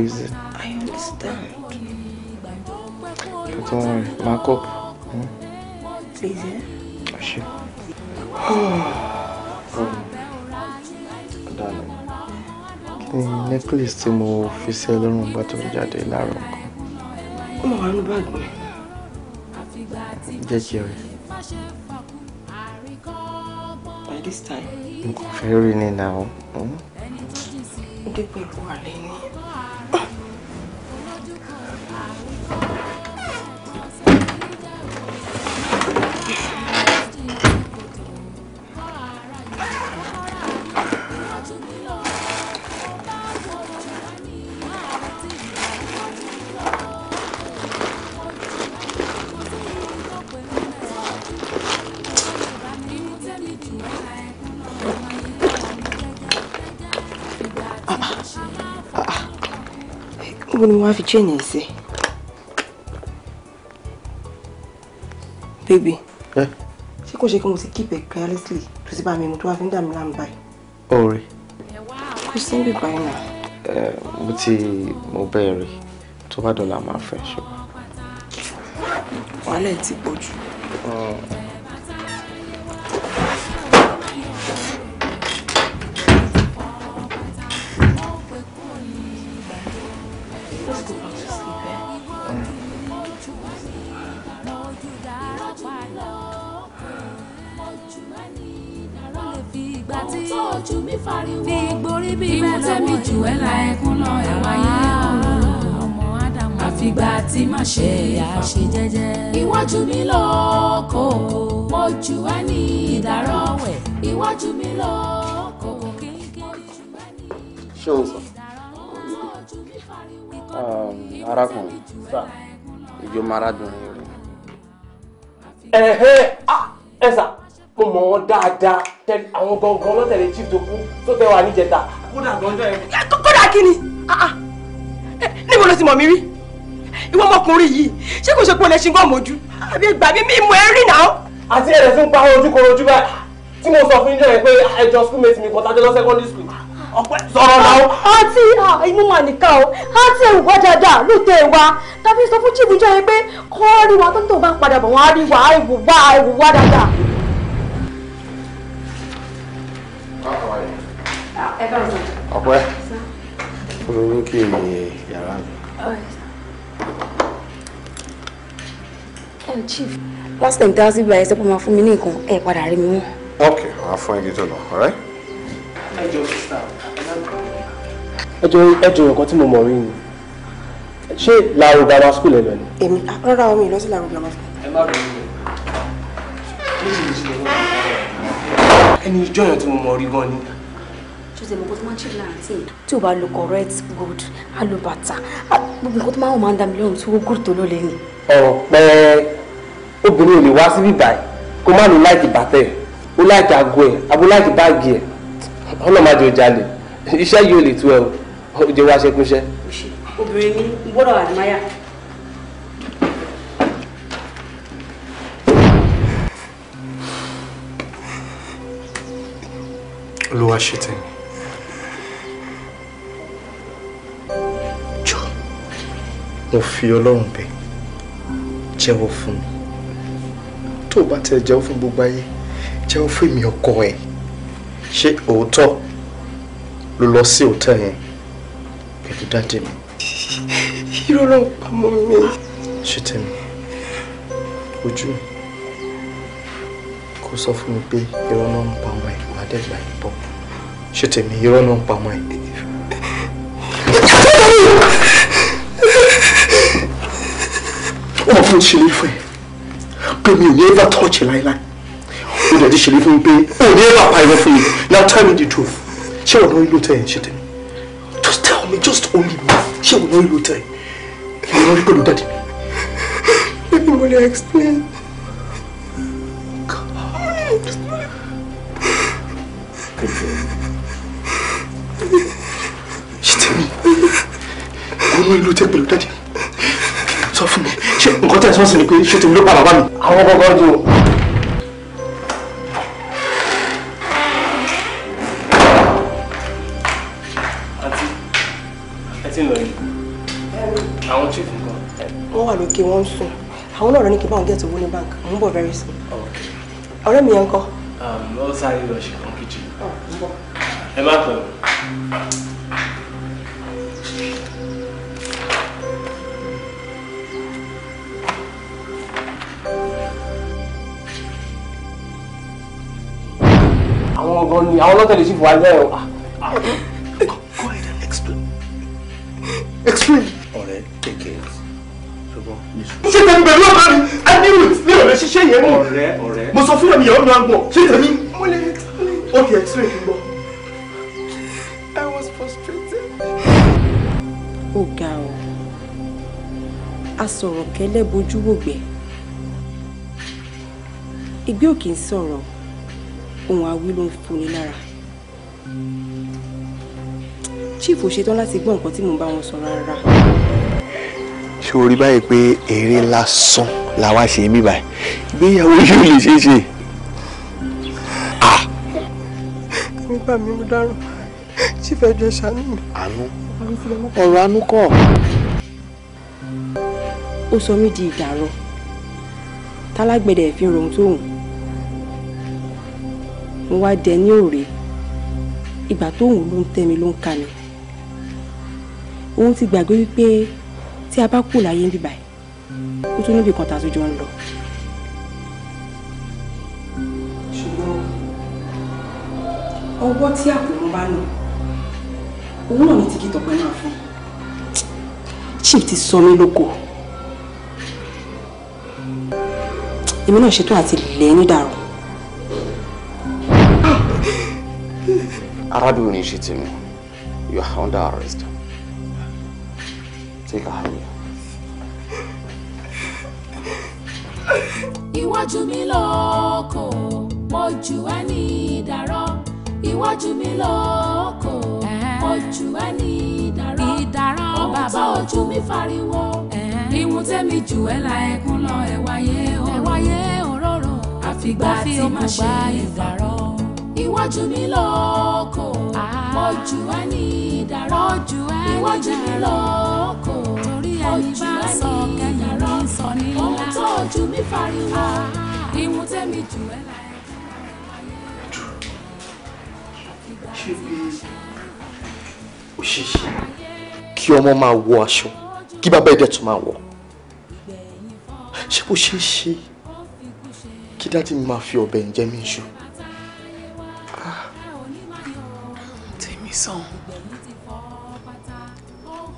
is it? I understand. but don't worry mark up. Hmm? Please. Eh? ṣe. darling kí ni necklace tí mo fi sí ẹ lọ́rùn gbà tó jáde láàárọ̀ kan. ó mọ̀ wá ní báàgì mi jẹ́ ṣe by this time. nǹkan fẹ́ rí ni náà. Hmm? ó dé pẹ̀lú níbo ni mo fi chain ẹ̀ sí. baby ṣé kò ṣe kí mo ti keep it carelessly tó ti bá mi mu tó wá fi ń dà mí láàmú báyìí. ọ̀rẹ́. kò sí níbi báyìí náà. mo ti mo bẹ̀rẹ̀ tó bá dọ̀la máa fẹ́ ṣùgbọ́n. wàhálà ẹ̀ ti pọ̀ jù. arákùnrin ìjọba arábìnrin rẹ. ẹ̀hẹ́ ẹ sà mo mọ̀ wọ́n dáadáa àwọn gangan lọ́tẹ̀lé chief tó kú tó tẹ̀ wá níjẹta. kódà gànjọ́ ẹ̀. kódà kí ni níbo ló ti mọ̀ mí rí ìwọ ọmọkùnrin yìí ṣé kò ṣe pé o lè ṣe nǹkan mọ́jú àbí ìgbà mi mímú ẹ rí náà. àti ẹ̀rẹ̀ fún pa ojúkọ̀rọ̀ ojú báyìí tí mo sọ fún yín jẹ́ pé ẹjọ́ schoolmate mi kan tájọ́ lọ secondary school ọpẹ́ sọ̀rọ̀ náà. àǹtí imú mà nìkan o àǹtí ẹ̀rù wá dáadáa lóòótọ́ ẹ̀ wá tàbí sọ fún chibu jẹ́ pé kọ́ rí wa tó ń tó bá padà bọ̀ wọ́n á rí wa ẹ̀rù wá ẹ̀rù wá dáadáa. ọpẹ́ olórí kì í ní yàrá mi. chief last time tí a sì gba ẹsẹ̀ pọ̀ máa fún mi ní nǹkan ẹ̀ padà rí mi wọ́n. ok wàá fún ẹgbẹ́ tó lọ all right ẹjọ sísá ẹjọ ẹjọ nǹkan tí mo mọ̀ rí ni ṣé làwọn grammar school ẹ lọ ni. èmi ah, rárá omi ìlọ sí làwọn grammar school. ẹ má bẹ̀rù mi ẹni ìjọ yẹn tí mo mọ̀ rí gan ni ṣe mọ̀ kó tó máa ń ṣe láàrin tí o bá lo correct good a lo bàtà gbogbo nǹkan tó máa ń máa ń da mi lọ́rùn tí o gùn tó ló lé ní. ọ̀pẹ obìnrin ò lè wá síbí báyìí kó má lo láìkì bàtà ẹ̀ ó láìkì àgọ́ ẹ̀ abó láìkì báàgì ẹ̀ ọlọ́màjò jalè iṣẹ́ yìí ò lè tú ẹ o jẹ́ wá ṣe kúnṣẹ́. obìnrin ni gbọ́dọ̀ àdìmáyà. olúwa ṣe tẹ̀mí. jọ mo fi ọlọ́run bẹ̀ jẹ́wọ́ fún mi tó o bá tẹ̀ jẹ́wọ́ fún gbogbo ayé jẹ́wọ́ fún èmi ọkọ ẹ̀ ṣé òótọ́ ló lọ sí òótọ́ yẹn pẹ̀lú dáàdì mi. irọ́ ló ń pa mọ́ mi. ṣé tèmi ojú kò sọ fún mi pé irọ́ náà ń pa ọmọ ẹ̀ màdẹ́gbà ẹ̀ bọ̀ ṣé tèmi irọ́ náà ń pa ọmọ ẹ̀. wọ́n fún ṣe lè fún ẹ pé mi ò ní ever touch ẹ láéláé rẹ̀ ti ṣèlérí fún mi pé òní ẹ̀ bàbá irọ́ fún mi now tell me the truth ṣé wọn náà ìlú tẹ̀yìn ṣe tẹ̀mí just tell me just only me ṣé wọn náà ìlú tẹ̀yìn èmi náà rí pẹ̀lú dáàdì mi. èmi mo lè explain. ṣe tẹ̀mí wọn náà ìlú tẹ̀ pẹ̀lú dáàdì mi sọ fún mi ṣé nǹkan tẹ̀sán sí ni pé ṣé tèmi ló pa bàbá mi. àwọn gbọ́ngàn dùn. àwọn náà rẹ ní kí n bá get owó ní bank mò ń bọ̀ very soon. ọ̀rẹ́ mi yẹn ń kọ́. Um, ó sáré lọ ṣe kan kíjì. ẹ má pẹ̀lú. àwọn gan ni àwọn ọlọ́tẹ̀lẹ̀ sì fò wá bẹ́ẹ̀ o. Ah, ah. go ahead and explain. explain. ṣé yẹn mọ̀ mo sọ fún ẹ̀mí ọ̀nà àgbọ̀n ṣé tèmi ó ti explain fún gbọ́. I was frustrated. ó ga ọ a sọ̀rọ̀ kẹ́lẹ́ bojú wògbẹ́ ìgbé òkè ń sọ̀rọ̀ ohun àwí ló ń funi lára chief ò ṣetán láti gbọ́ nǹkan tí mò ń bá wọn sọ rárá ṣé o rí báyìí pé eré lásán làwa ṣe mí báyìí ìgbéyàwó yóò lè ṣeé ṣe. nígbà ah! mi mo dárò chief ẹjọ ṣàánú mi. àánú ọ̀rọ̀ àánú kọ́. ó sọ mí di ìdàrọ tálágbẹ̀dẹ fi ń rohun tó hùn mo wá dẹ ní òòrè ìgbà tó hùn ló ń tẹ́ mi ló ń ka mi òun ti gbàgbé wípé tí a bá kú láyé ń bíbáyìí ó tún níbi kan tá a tún jọ ń lọ. ṣùgbọ́n ọwọ́ tí àpòmọ bá lò òun náà ní tíkì tọpẹ náà fún un. chief ti sọ mí lóko èmi náà ṣetán àti lè ní dàrú. Ah! arábìnrin ṣe tèmi you are under arrest. 这个行业。iwájú mi lóko mo jù ẹ́ ní ìdárọ̀ iwájú mi lóko mo jù ẹ́ ní ìdárọ̀ ìdárọ̀ bàbá ojú mi fariwo ìwọ̀n tẹ́mi jù ẹ́ la ẹkún lọ ẹ̀ wáyé òróró àfìgbà tí mo gba ìdárọ̀ iwájú mi lóko ah. mo jù ẹ́ ojú sọ kẹkẹrọ sọ ní ńlá ohun tó ojú mi fariwo ìwọ̀n tẹ́mi jù ẹ́ kí ọmọ máa wọ aṣọ kí bàbá ẹ̀dẹ̀ tún máa wọ̀ ṣé bó ṣe ṣe kí dáàdì mi máa fi ọ̀bẹ ń jẹ mí ṣu. Ah. tèmi sàn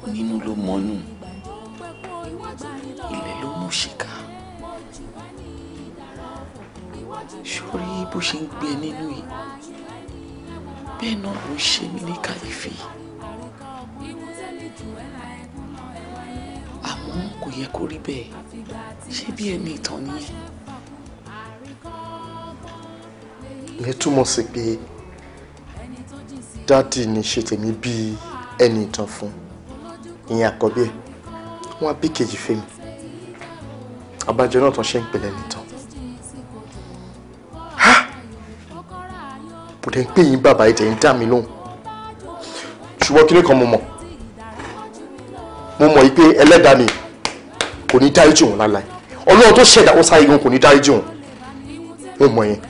onínú ló mọ́nú òṣìkà ṣorí bó ṣe ń gbé nínú yìí bẹ́ẹ̀ náà ló ń ṣe mí ní kàyéfì àmọ́ kò yẹ kó rí bẹ́ẹ̀ ṣé bí ẹni ìtàn nìyẹn. ìyẹn túmọ̀ sí pé dáàdì ní ṣe tèmi bíi ẹni ìtàn fún ìyẹn àkọ́bí ẹ̀ wọ́n á bí kejì fèmí àbájọ náà tán ṣe ń pèlè nìtàn kò tẹ́ ń pè yín bàbá ẹ̀ tẹ̀ ń dá mi lóhùn ṣùgbọ́n kí ni kan mo mọ̀ mo mọ̀ yìí pé ẹlẹ́dàá mi kò ní dáríjì òun láláì ọlọ́run tó ṣẹ̀dá ó sáré gan kò ní dáríjì òun mo mọ̀ yẹn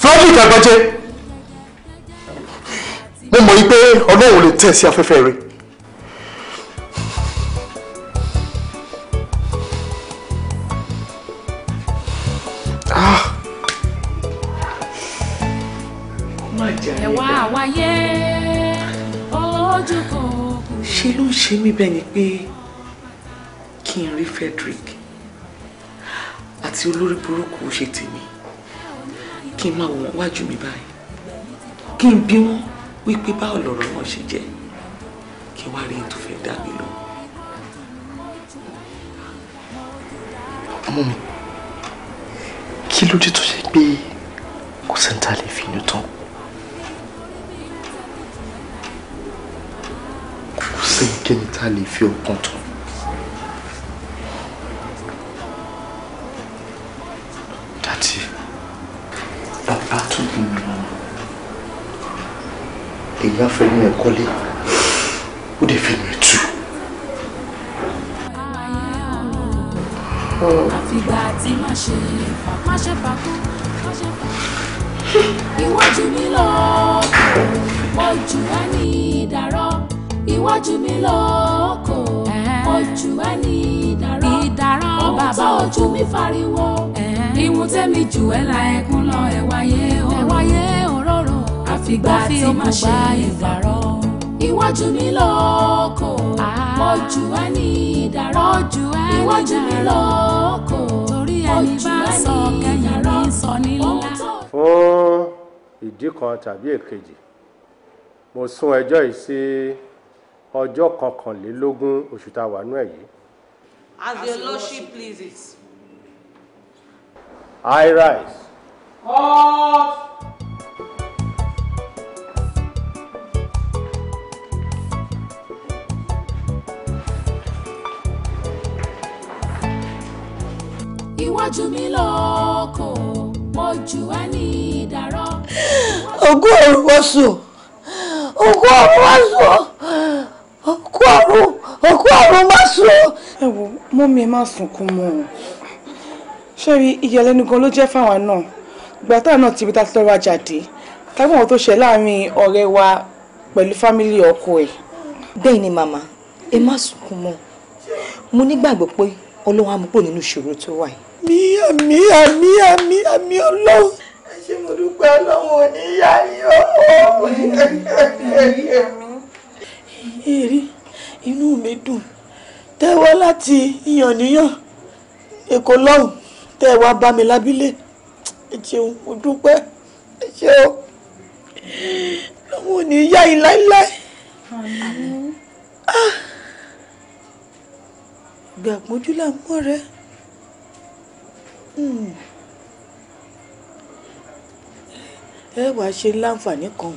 frederick agbájé mo mọ̀ yìí pé ọlọ́run lè tẹ̀ sí afẹ́fẹ́ rẹ̀. wá wáyé ojú kò kù. ṣé ló ń ṣe mí bẹ́ẹ̀ ni pé kí n rí Frederick àti olórí burúkú ṣe tèmi kí n máa wò wọ́n wájú mi báyìí kí n bí wọ́n wípé báwo lọ̀rọ̀ náà ṣe jẹ́ kí n rí n fẹ́ dá mi lọ. ọmọ mi kí ló dé tó ṣe pé kò sẹ́ńtà lè fi inú tán. ẹnikẹ́ni tá a lè fi ọkàn tán. dàtí bàbá tó bí mi lọ èyí á fẹ́ ní ẹ̀kọ́ ó dẹ̀ fẹ́ mi tú. iwájú mi lọ kò pọ̀ ní ìdárọ̀ iwájú mi lọ́kọ̀ ojú ẹni ìdárọ̀ ohun tó ojú mi fariwo ìwọ̀n tẹ́mi jù ẹ́ la ẹkún lọ ẹ̀ wáyé òróró àfìgbà tí mo ṣe ìdárọ̀ iwájú mi lọ́kọ̀ ah. ojú ẹni ìdárọ̀ iwájú mi lọ́kọ̀ torí ẹni bá sọ kẹ́yìn ní sọ nílá. fún ìdí kan tàbí èkejì mo sún ẹjọ́ yìí sí. Si ọjọ́ kọkànlélógún oṣù tá wà nú ẹ̀ yìí. as your lordship pleases. I rise. Halt! iwájú mi lọ́kọ̀ mo jù wá ní ìdárọ̀. ogún ọ̀rùn wọ́sùn ogún ọ̀rùn wọ́sùn òkú ọ̀run òkú ọ̀run má sùn o. ẹ wo mọ́mí ẹ má sunkún mọ́ o ṣé rí ìyàlẹ́nu gan ló jẹ́ fáwọn náà ìgbà táwọn náà ti ibi tá a ti lọ́ọ́ rajà dé táwọn ohun tó ṣe láàrin ọ̀rẹ́ wa pẹ̀lú fámílì ọkọ ẹ̀. bẹ́ẹ̀ ni màmá ẹ má sunkún mọ́ mo nígbàgbọ́ pé ọlọ́run á mú pọ̀ nínú ìṣòro tó wà yìí. míyà míyà míyà míyà míyà ọlọ́run. ẹ ṣe mo dúpẹ́ ọlọ́run ò ní yá èrí inú mi dùn tẹ́wọ́ láti ìyànníyàn èkó lọ́hùn tẹ́wọ́ bá mi lábílé ẹ ṣeun mo dúpẹ́ ẹ ṣeun àwọn ò ní yá yín láíláí. Ah. gbàpọ́njú là ń mọ̀ rẹ. Hmm. ẹ wàá ṣe láǹfààní kan.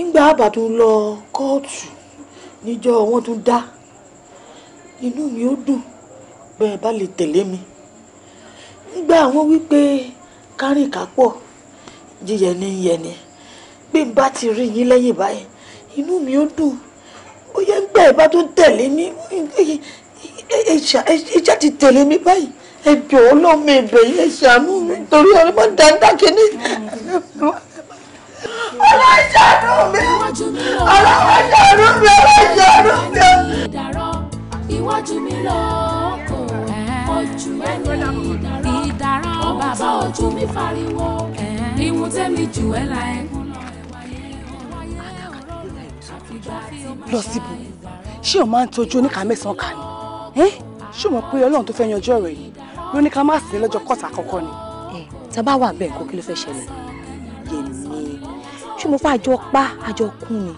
nígbà àbàdàn lọ kóòtù níjọ́ wọn tún dá inú mi ó dùn bẹ́ẹ̀ bá lè tẹ̀lé mi nígbà àwọn wípé kárìnká pọ̀ jíyẹni yẹni bí n bá ti rí yín lẹ́yìn báyìí inú mi ó dùn bóyá nígbà ẹ bá tún tẹ̀lé mi ẹ ṣá ti tẹ̀lé mi báyìí ẹ jọ̀ọ́ lọ́mọ ẹ̀bẹ̀ yẹn ṣàánú mi torí ọ̀rẹ́ mọ́ dáadáa kìíní ọlọ́jàdù mi ọlọ́jàdù mi ọlọ́jàdù mi. iwájú mi lóko ojú ẹni ìdáràn bàbá ojú mi fariwo ìwọ̀n tẹ́mi jù ẹ́ láẹ̀. lọ síbò ṣé o máa ń tọ́jú oníkà mẹ́sàn-án kà ni ṣé o mọ̀ pé ọlọ́run tó fẹ́ yanjú ọ̀rọ̀ yìí ló má sí lọ́jọ́ kọ́ta àkọ́kọ́ ni. ẹ tá a bá wà bẹ́ẹ̀ kó kí ló fẹ́ ṣẹlẹ̀ yèmí ṣé mo fà àjọ pa àjọ kún ni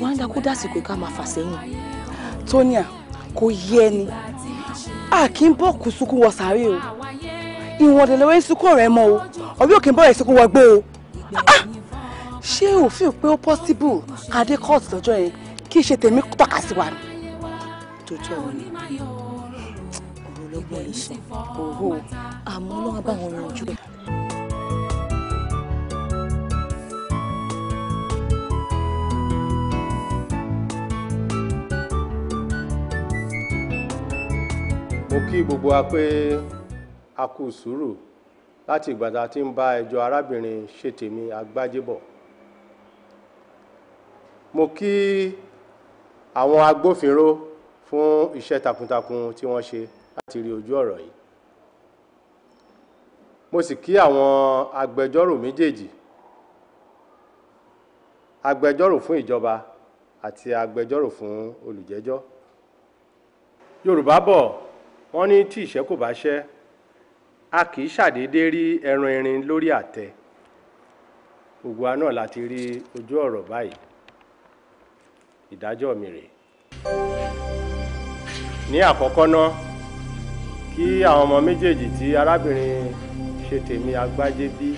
wọn á dá kó dásìkò ká máa fà sẹ́yìn. tonia kò yẹ ni a kì í bọ́ kù sunkún wọ sàárè o ìwọ̀n ọ̀dẹ̀lẹ̀ wẹ́ẹ́ sunkún rẹ̀ mọ́ o ọ̀bí òkè ń bọ̀ rẹ̀ sunkún wọ gbé o ah! ṣé òfin pé ó pọ́síbù adé court lọ́jọ́ yẹn kí ṣe tèmi tọ́ka sí wa ni. tójú ọ̀rọ̀ ni ọ̀rọ̀ lọ́gbọ̀n yìí sọ òhò àmọ́ ọlọ́run bá wọn rìn ojú ẹ̀. mo kí gbogbo wa pé a kú sùúrù láti ìgbà tá a ti ń bá ẹjọ́ arábìnrin ṣètèmí agbájébọ̀ mo kí àwọn agbófinró fún iṣẹ́ takuntakun tí wọ́n ṣe láti rí ojú ọ̀rọ̀ yìí mo sì kí àwọn agbẹjọ́rò méjèèjì agbẹjọ́rò fún ìjọba àti agbẹjọ́rò fún olùjẹ́jọ́ yorùbá bọ̀ wọ́n ní tí ìṣẹ́ kò bá ṣẹ́ a kì í ṣàdédé rí ẹran erin lórí àtẹ gbogbo wa náà láti rí ojú ọ̀rọ̀ báyìí ìdájọ́ mi rèé ní àkọ́kọ́ náà kí àwọn ọmọ méjèèjì tí arábìnrin ṣètèmí agbájé bí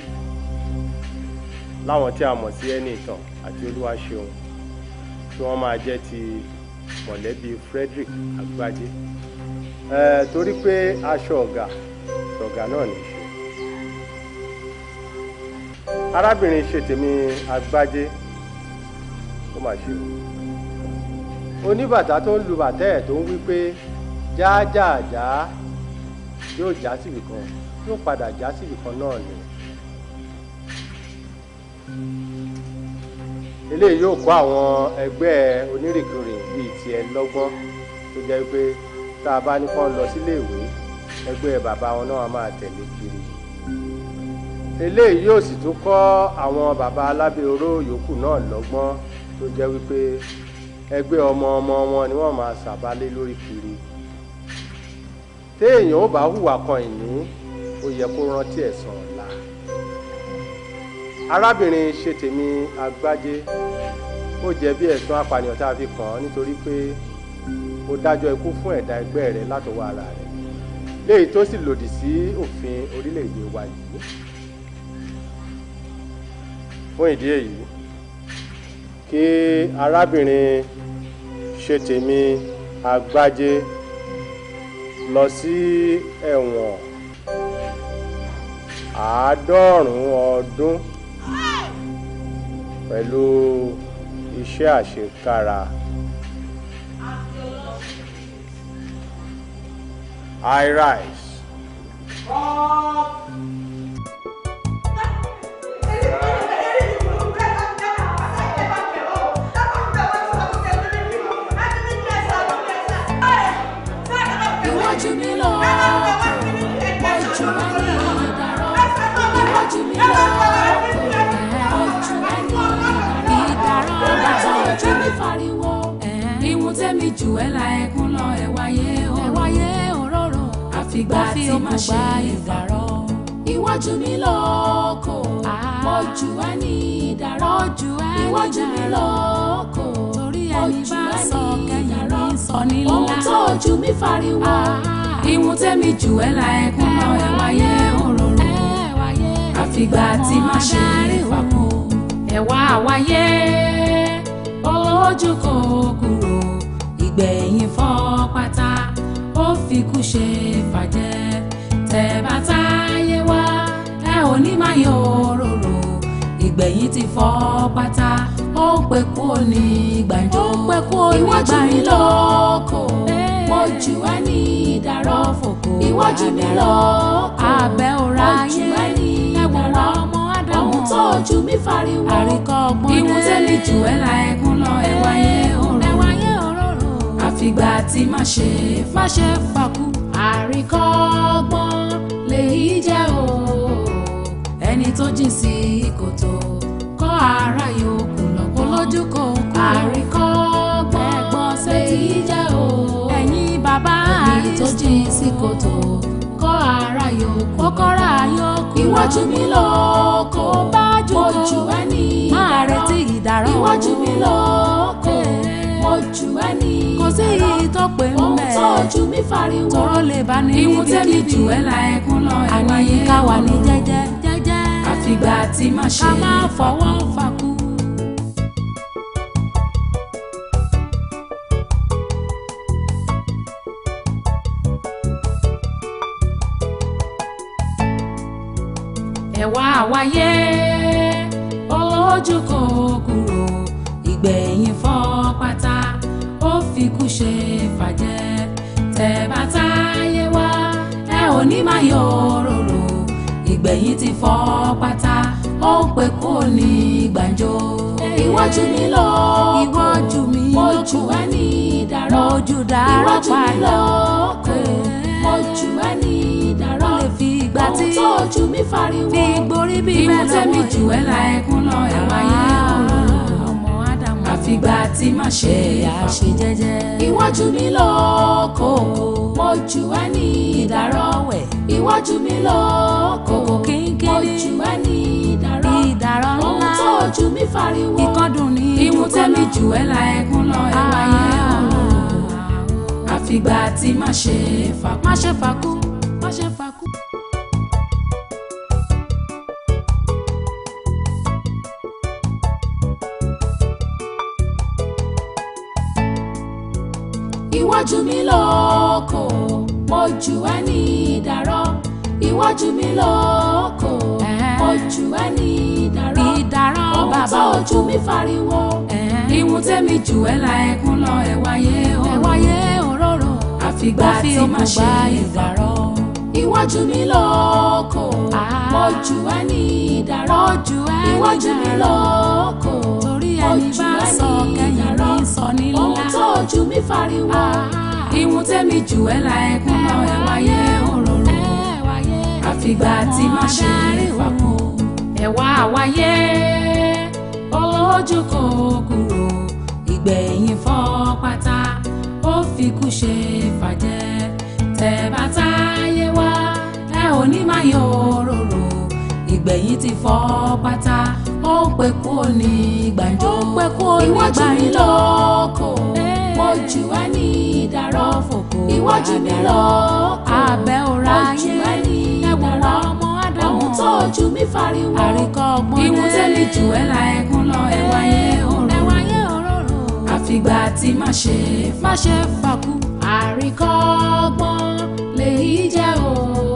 láwọn tí a mọ̀ sí ẹni ìtàn àti olúwaṣeun tí wọ́n máa jẹ́ ti mọ̀lẹ́bí Frederick agbájé. Mm -hmm torí pé aṣọ ọ̀gá ọ̀gá náà ní í ṣe. arábìnrin ṣe tèmi agbájé ó mà ṣe o oníbàtà tó ń lu bàtà ẹ̀ tó ń wí pé jájáàjá yóò já síbì kan yóò padà já síbì kan náà ni eléyìí yóò kó àwọn ẹgbẹ́ onírìnkiri bíi tiẹ̀ lọ́gbọ́n tó jẹ́ pé tá a bá ní kán lọ síléèwé ẹgbẹ́ bàbá wọn náà máa tẹ̀lé kiri eléyìí yóò sì tún kọ́ àwọn bàbá alábẹ́ oró yòókù náà lọ́gbọ́n tó jẹ́ wípé ẹgbẹ́ ọmọ ọmọ wọn ni wọ́n máa ṣàbálé lórí kiri téèyàn ó bá hùwà kan ìní ó yẹ kó rántí ẹ̀san ọ̀la arábìnrin ṣètèmí agbájé ó jẹ̀bi ẹ̀sùn apànìyàn tá a fi kàn án nítorí pé O dájọ́ ikú fún ẹ̀dá ẹgbẹ́ rẹ látọwọ́ ara rẹ léyìí tó sì lòdì sí òfin orílẹ̀-èdè wa yìí fún ìdí èyí kí arábìnrin ṣètèmí àgbájé lọ sí ẹ̀wọ̀n àádọ́rùn-ún ọdún pẹ̀lú iṣẹ́ àṣekára. I rise. Iwájú mi lọ, ojú ẹni ìdárọ̀. Iwájú mi lọ, ojú ẹni ìdárọ̀. Bàbá ojú mi tẹ́mi jù ẹ́ la ẹkún lọ ẹ̀wáyé o fìgbà tí má ṣe ìdàrọ́ iwájú mi lóko ah. ojú wa ní ìdàrọ́ iwájú mi lóko torí ẹni bá sọ kẹ́yìn ní sọ nílá ohun tó ojú mi fariwo ah. ìwọ̀n tẹ́mi jù ẹ́ la ẹkún náà ẹ wáyé òróró àfìgbà tí má ṣe ìfapò ẹ wá wáyé ojú kò kúrò ìgbẹ̀yìn fi kú ṣe fàjẹ́ tẹ́ bá táyé wá ẹ ò ní máa yọ òróró ìgbẹ̀yìn ti fọ́ pátá ó ń pẹ́ kú ní gbàjọ́ ìwájú mi lọ́kọ̀ ojú ẹ ní ìdàrọ́ fòkó ìwájú mi lọ́kọ̀ abẹ́ òrà ayé ẹ̀wọ̀n ọmọ àdàmọ́ ọ̀hún tó ojú mi fariwo àríkọ́ ọgbọ́n dé ìwúsẹ́lì jù ẹ́ la ẹ̀kún lọ ẹ̀wáyé o fìgbà tí má ṣe má ṣe fàkú àríkọ́gbọ́n lèyí jẹ́ o ẹni tó jìn sí kòtò kọ́ ara yòókù lọ́pọ̀ lójú kò kú àríkọ́gbọ́n lèyí jẹ́ o ẹ̀yin bàbá ẹni tó jìn sí kòtò kọ́ ara yòókù kọ́kọ́ra yòókù iwájú mi lọ kó bá jù ẹni ìdárọ̀ iwájú mi lọ ojú ẹni kò sí èyí tó pé ń bẹ̀ ohun tó ojú mi fariwo tóró lè bá ní ìwọ̀n tẹ́mi jù ẹ́ la ẹkún lọ ẹ̀wọ̀ ayé àní ká wà ní jẹ́jẹ́ jẹ́jẹ́ àfìgbà tí má ṣe ká má fọwọ́ fàkú. ẹ̀wá àwáyé olójú kò kù. ní máa ìgbẹ̀yìn ti fọ́ pátá ó ń pè kó ní gbàǹjo. iwájú mi lọ iwájú mi lọ ojú ní ìdárọ̀ iwájú mi lọ ojú ẹ ní ìdárọ̀ ohun tó ojú mi fariwo fi bí bẹ́ẹ̀ lọ́wọ́ ìmú tẹ́mi jù ẹ́ la ẹkún lọ ẹ̀wá yẹn àfìgbà tí má ṣe àṣejẹjẹ. iwájú mi lọ kó ojú wa ní ìdárọ̀wẹ̀ iwájú mi lọ́kọ̀ ojú wa ní ìdárọ̀ ìdárọ̀ ńlá ohun tó ojú mi fariwo ìkọ́dùn ní ìmútẹ́mi jù ẹ́ la ẹkún lọ ẹ̀wá yẹn ah. àfìgbà tí má ṣe fàkú má ṣe fàkú má ṣe fàkú. iwájú mi lọ́ọ́ ojú ẹni ìdàrọ́ iwájú mi lọ́kọ̀ ojú ẹni ìdàrọ́ ọba bá ojú mi fariwo ìwọ̀n tẹ́mi jù ẹ́ la ẹkún lọ ẹ̀ wáyé òróró àfìgbà tí má ṣe ìdàrọ́ iwájú mi lọ́kọ̀ ah. ojú ẹni ìdàrọ́ iwájú mi lọ́kọ̀ torí ẹni bá sọ kẹ́yìn ní sọ ohun tó ojú mi fariwo. Ah ìwọ̀n tẹ́mi jù ẹ́ la ẹkún lọ ẹ̀wà yẹ òróró àfìgbà tí má ṣe fapò ẹ̀wà àwáyé ojú kò kúrò ìgbẹ̀yìn fọ́ pátá ó fi kú ṣe fàjẹ́ tẹ̀ bàtà yé wá ẹ ò ní má yọ òróró ìgbẹ̀yìn ti fọ́ pátá ó ń pẹ́ kú òní gbàǹjo ìwọ́jú mi lóko ojú wa ní ìdàrọ́ ìwọ́jú mi lọ abẹ́ òrà ayé ẹ̀wọ̀n wa ọmọ ádámù ohun tó ojú mi fariwo àríkọ́ ọgbọ́n dé ìwúntẹ́lẹ̀ jù ẹ́ la ẹkún lọ ẹ̀wà yẹn òróró àfìgbà tí má ṣe má ṣe fàkú àríkọ́ ọgbọ́n lèyí jẹ́ òun.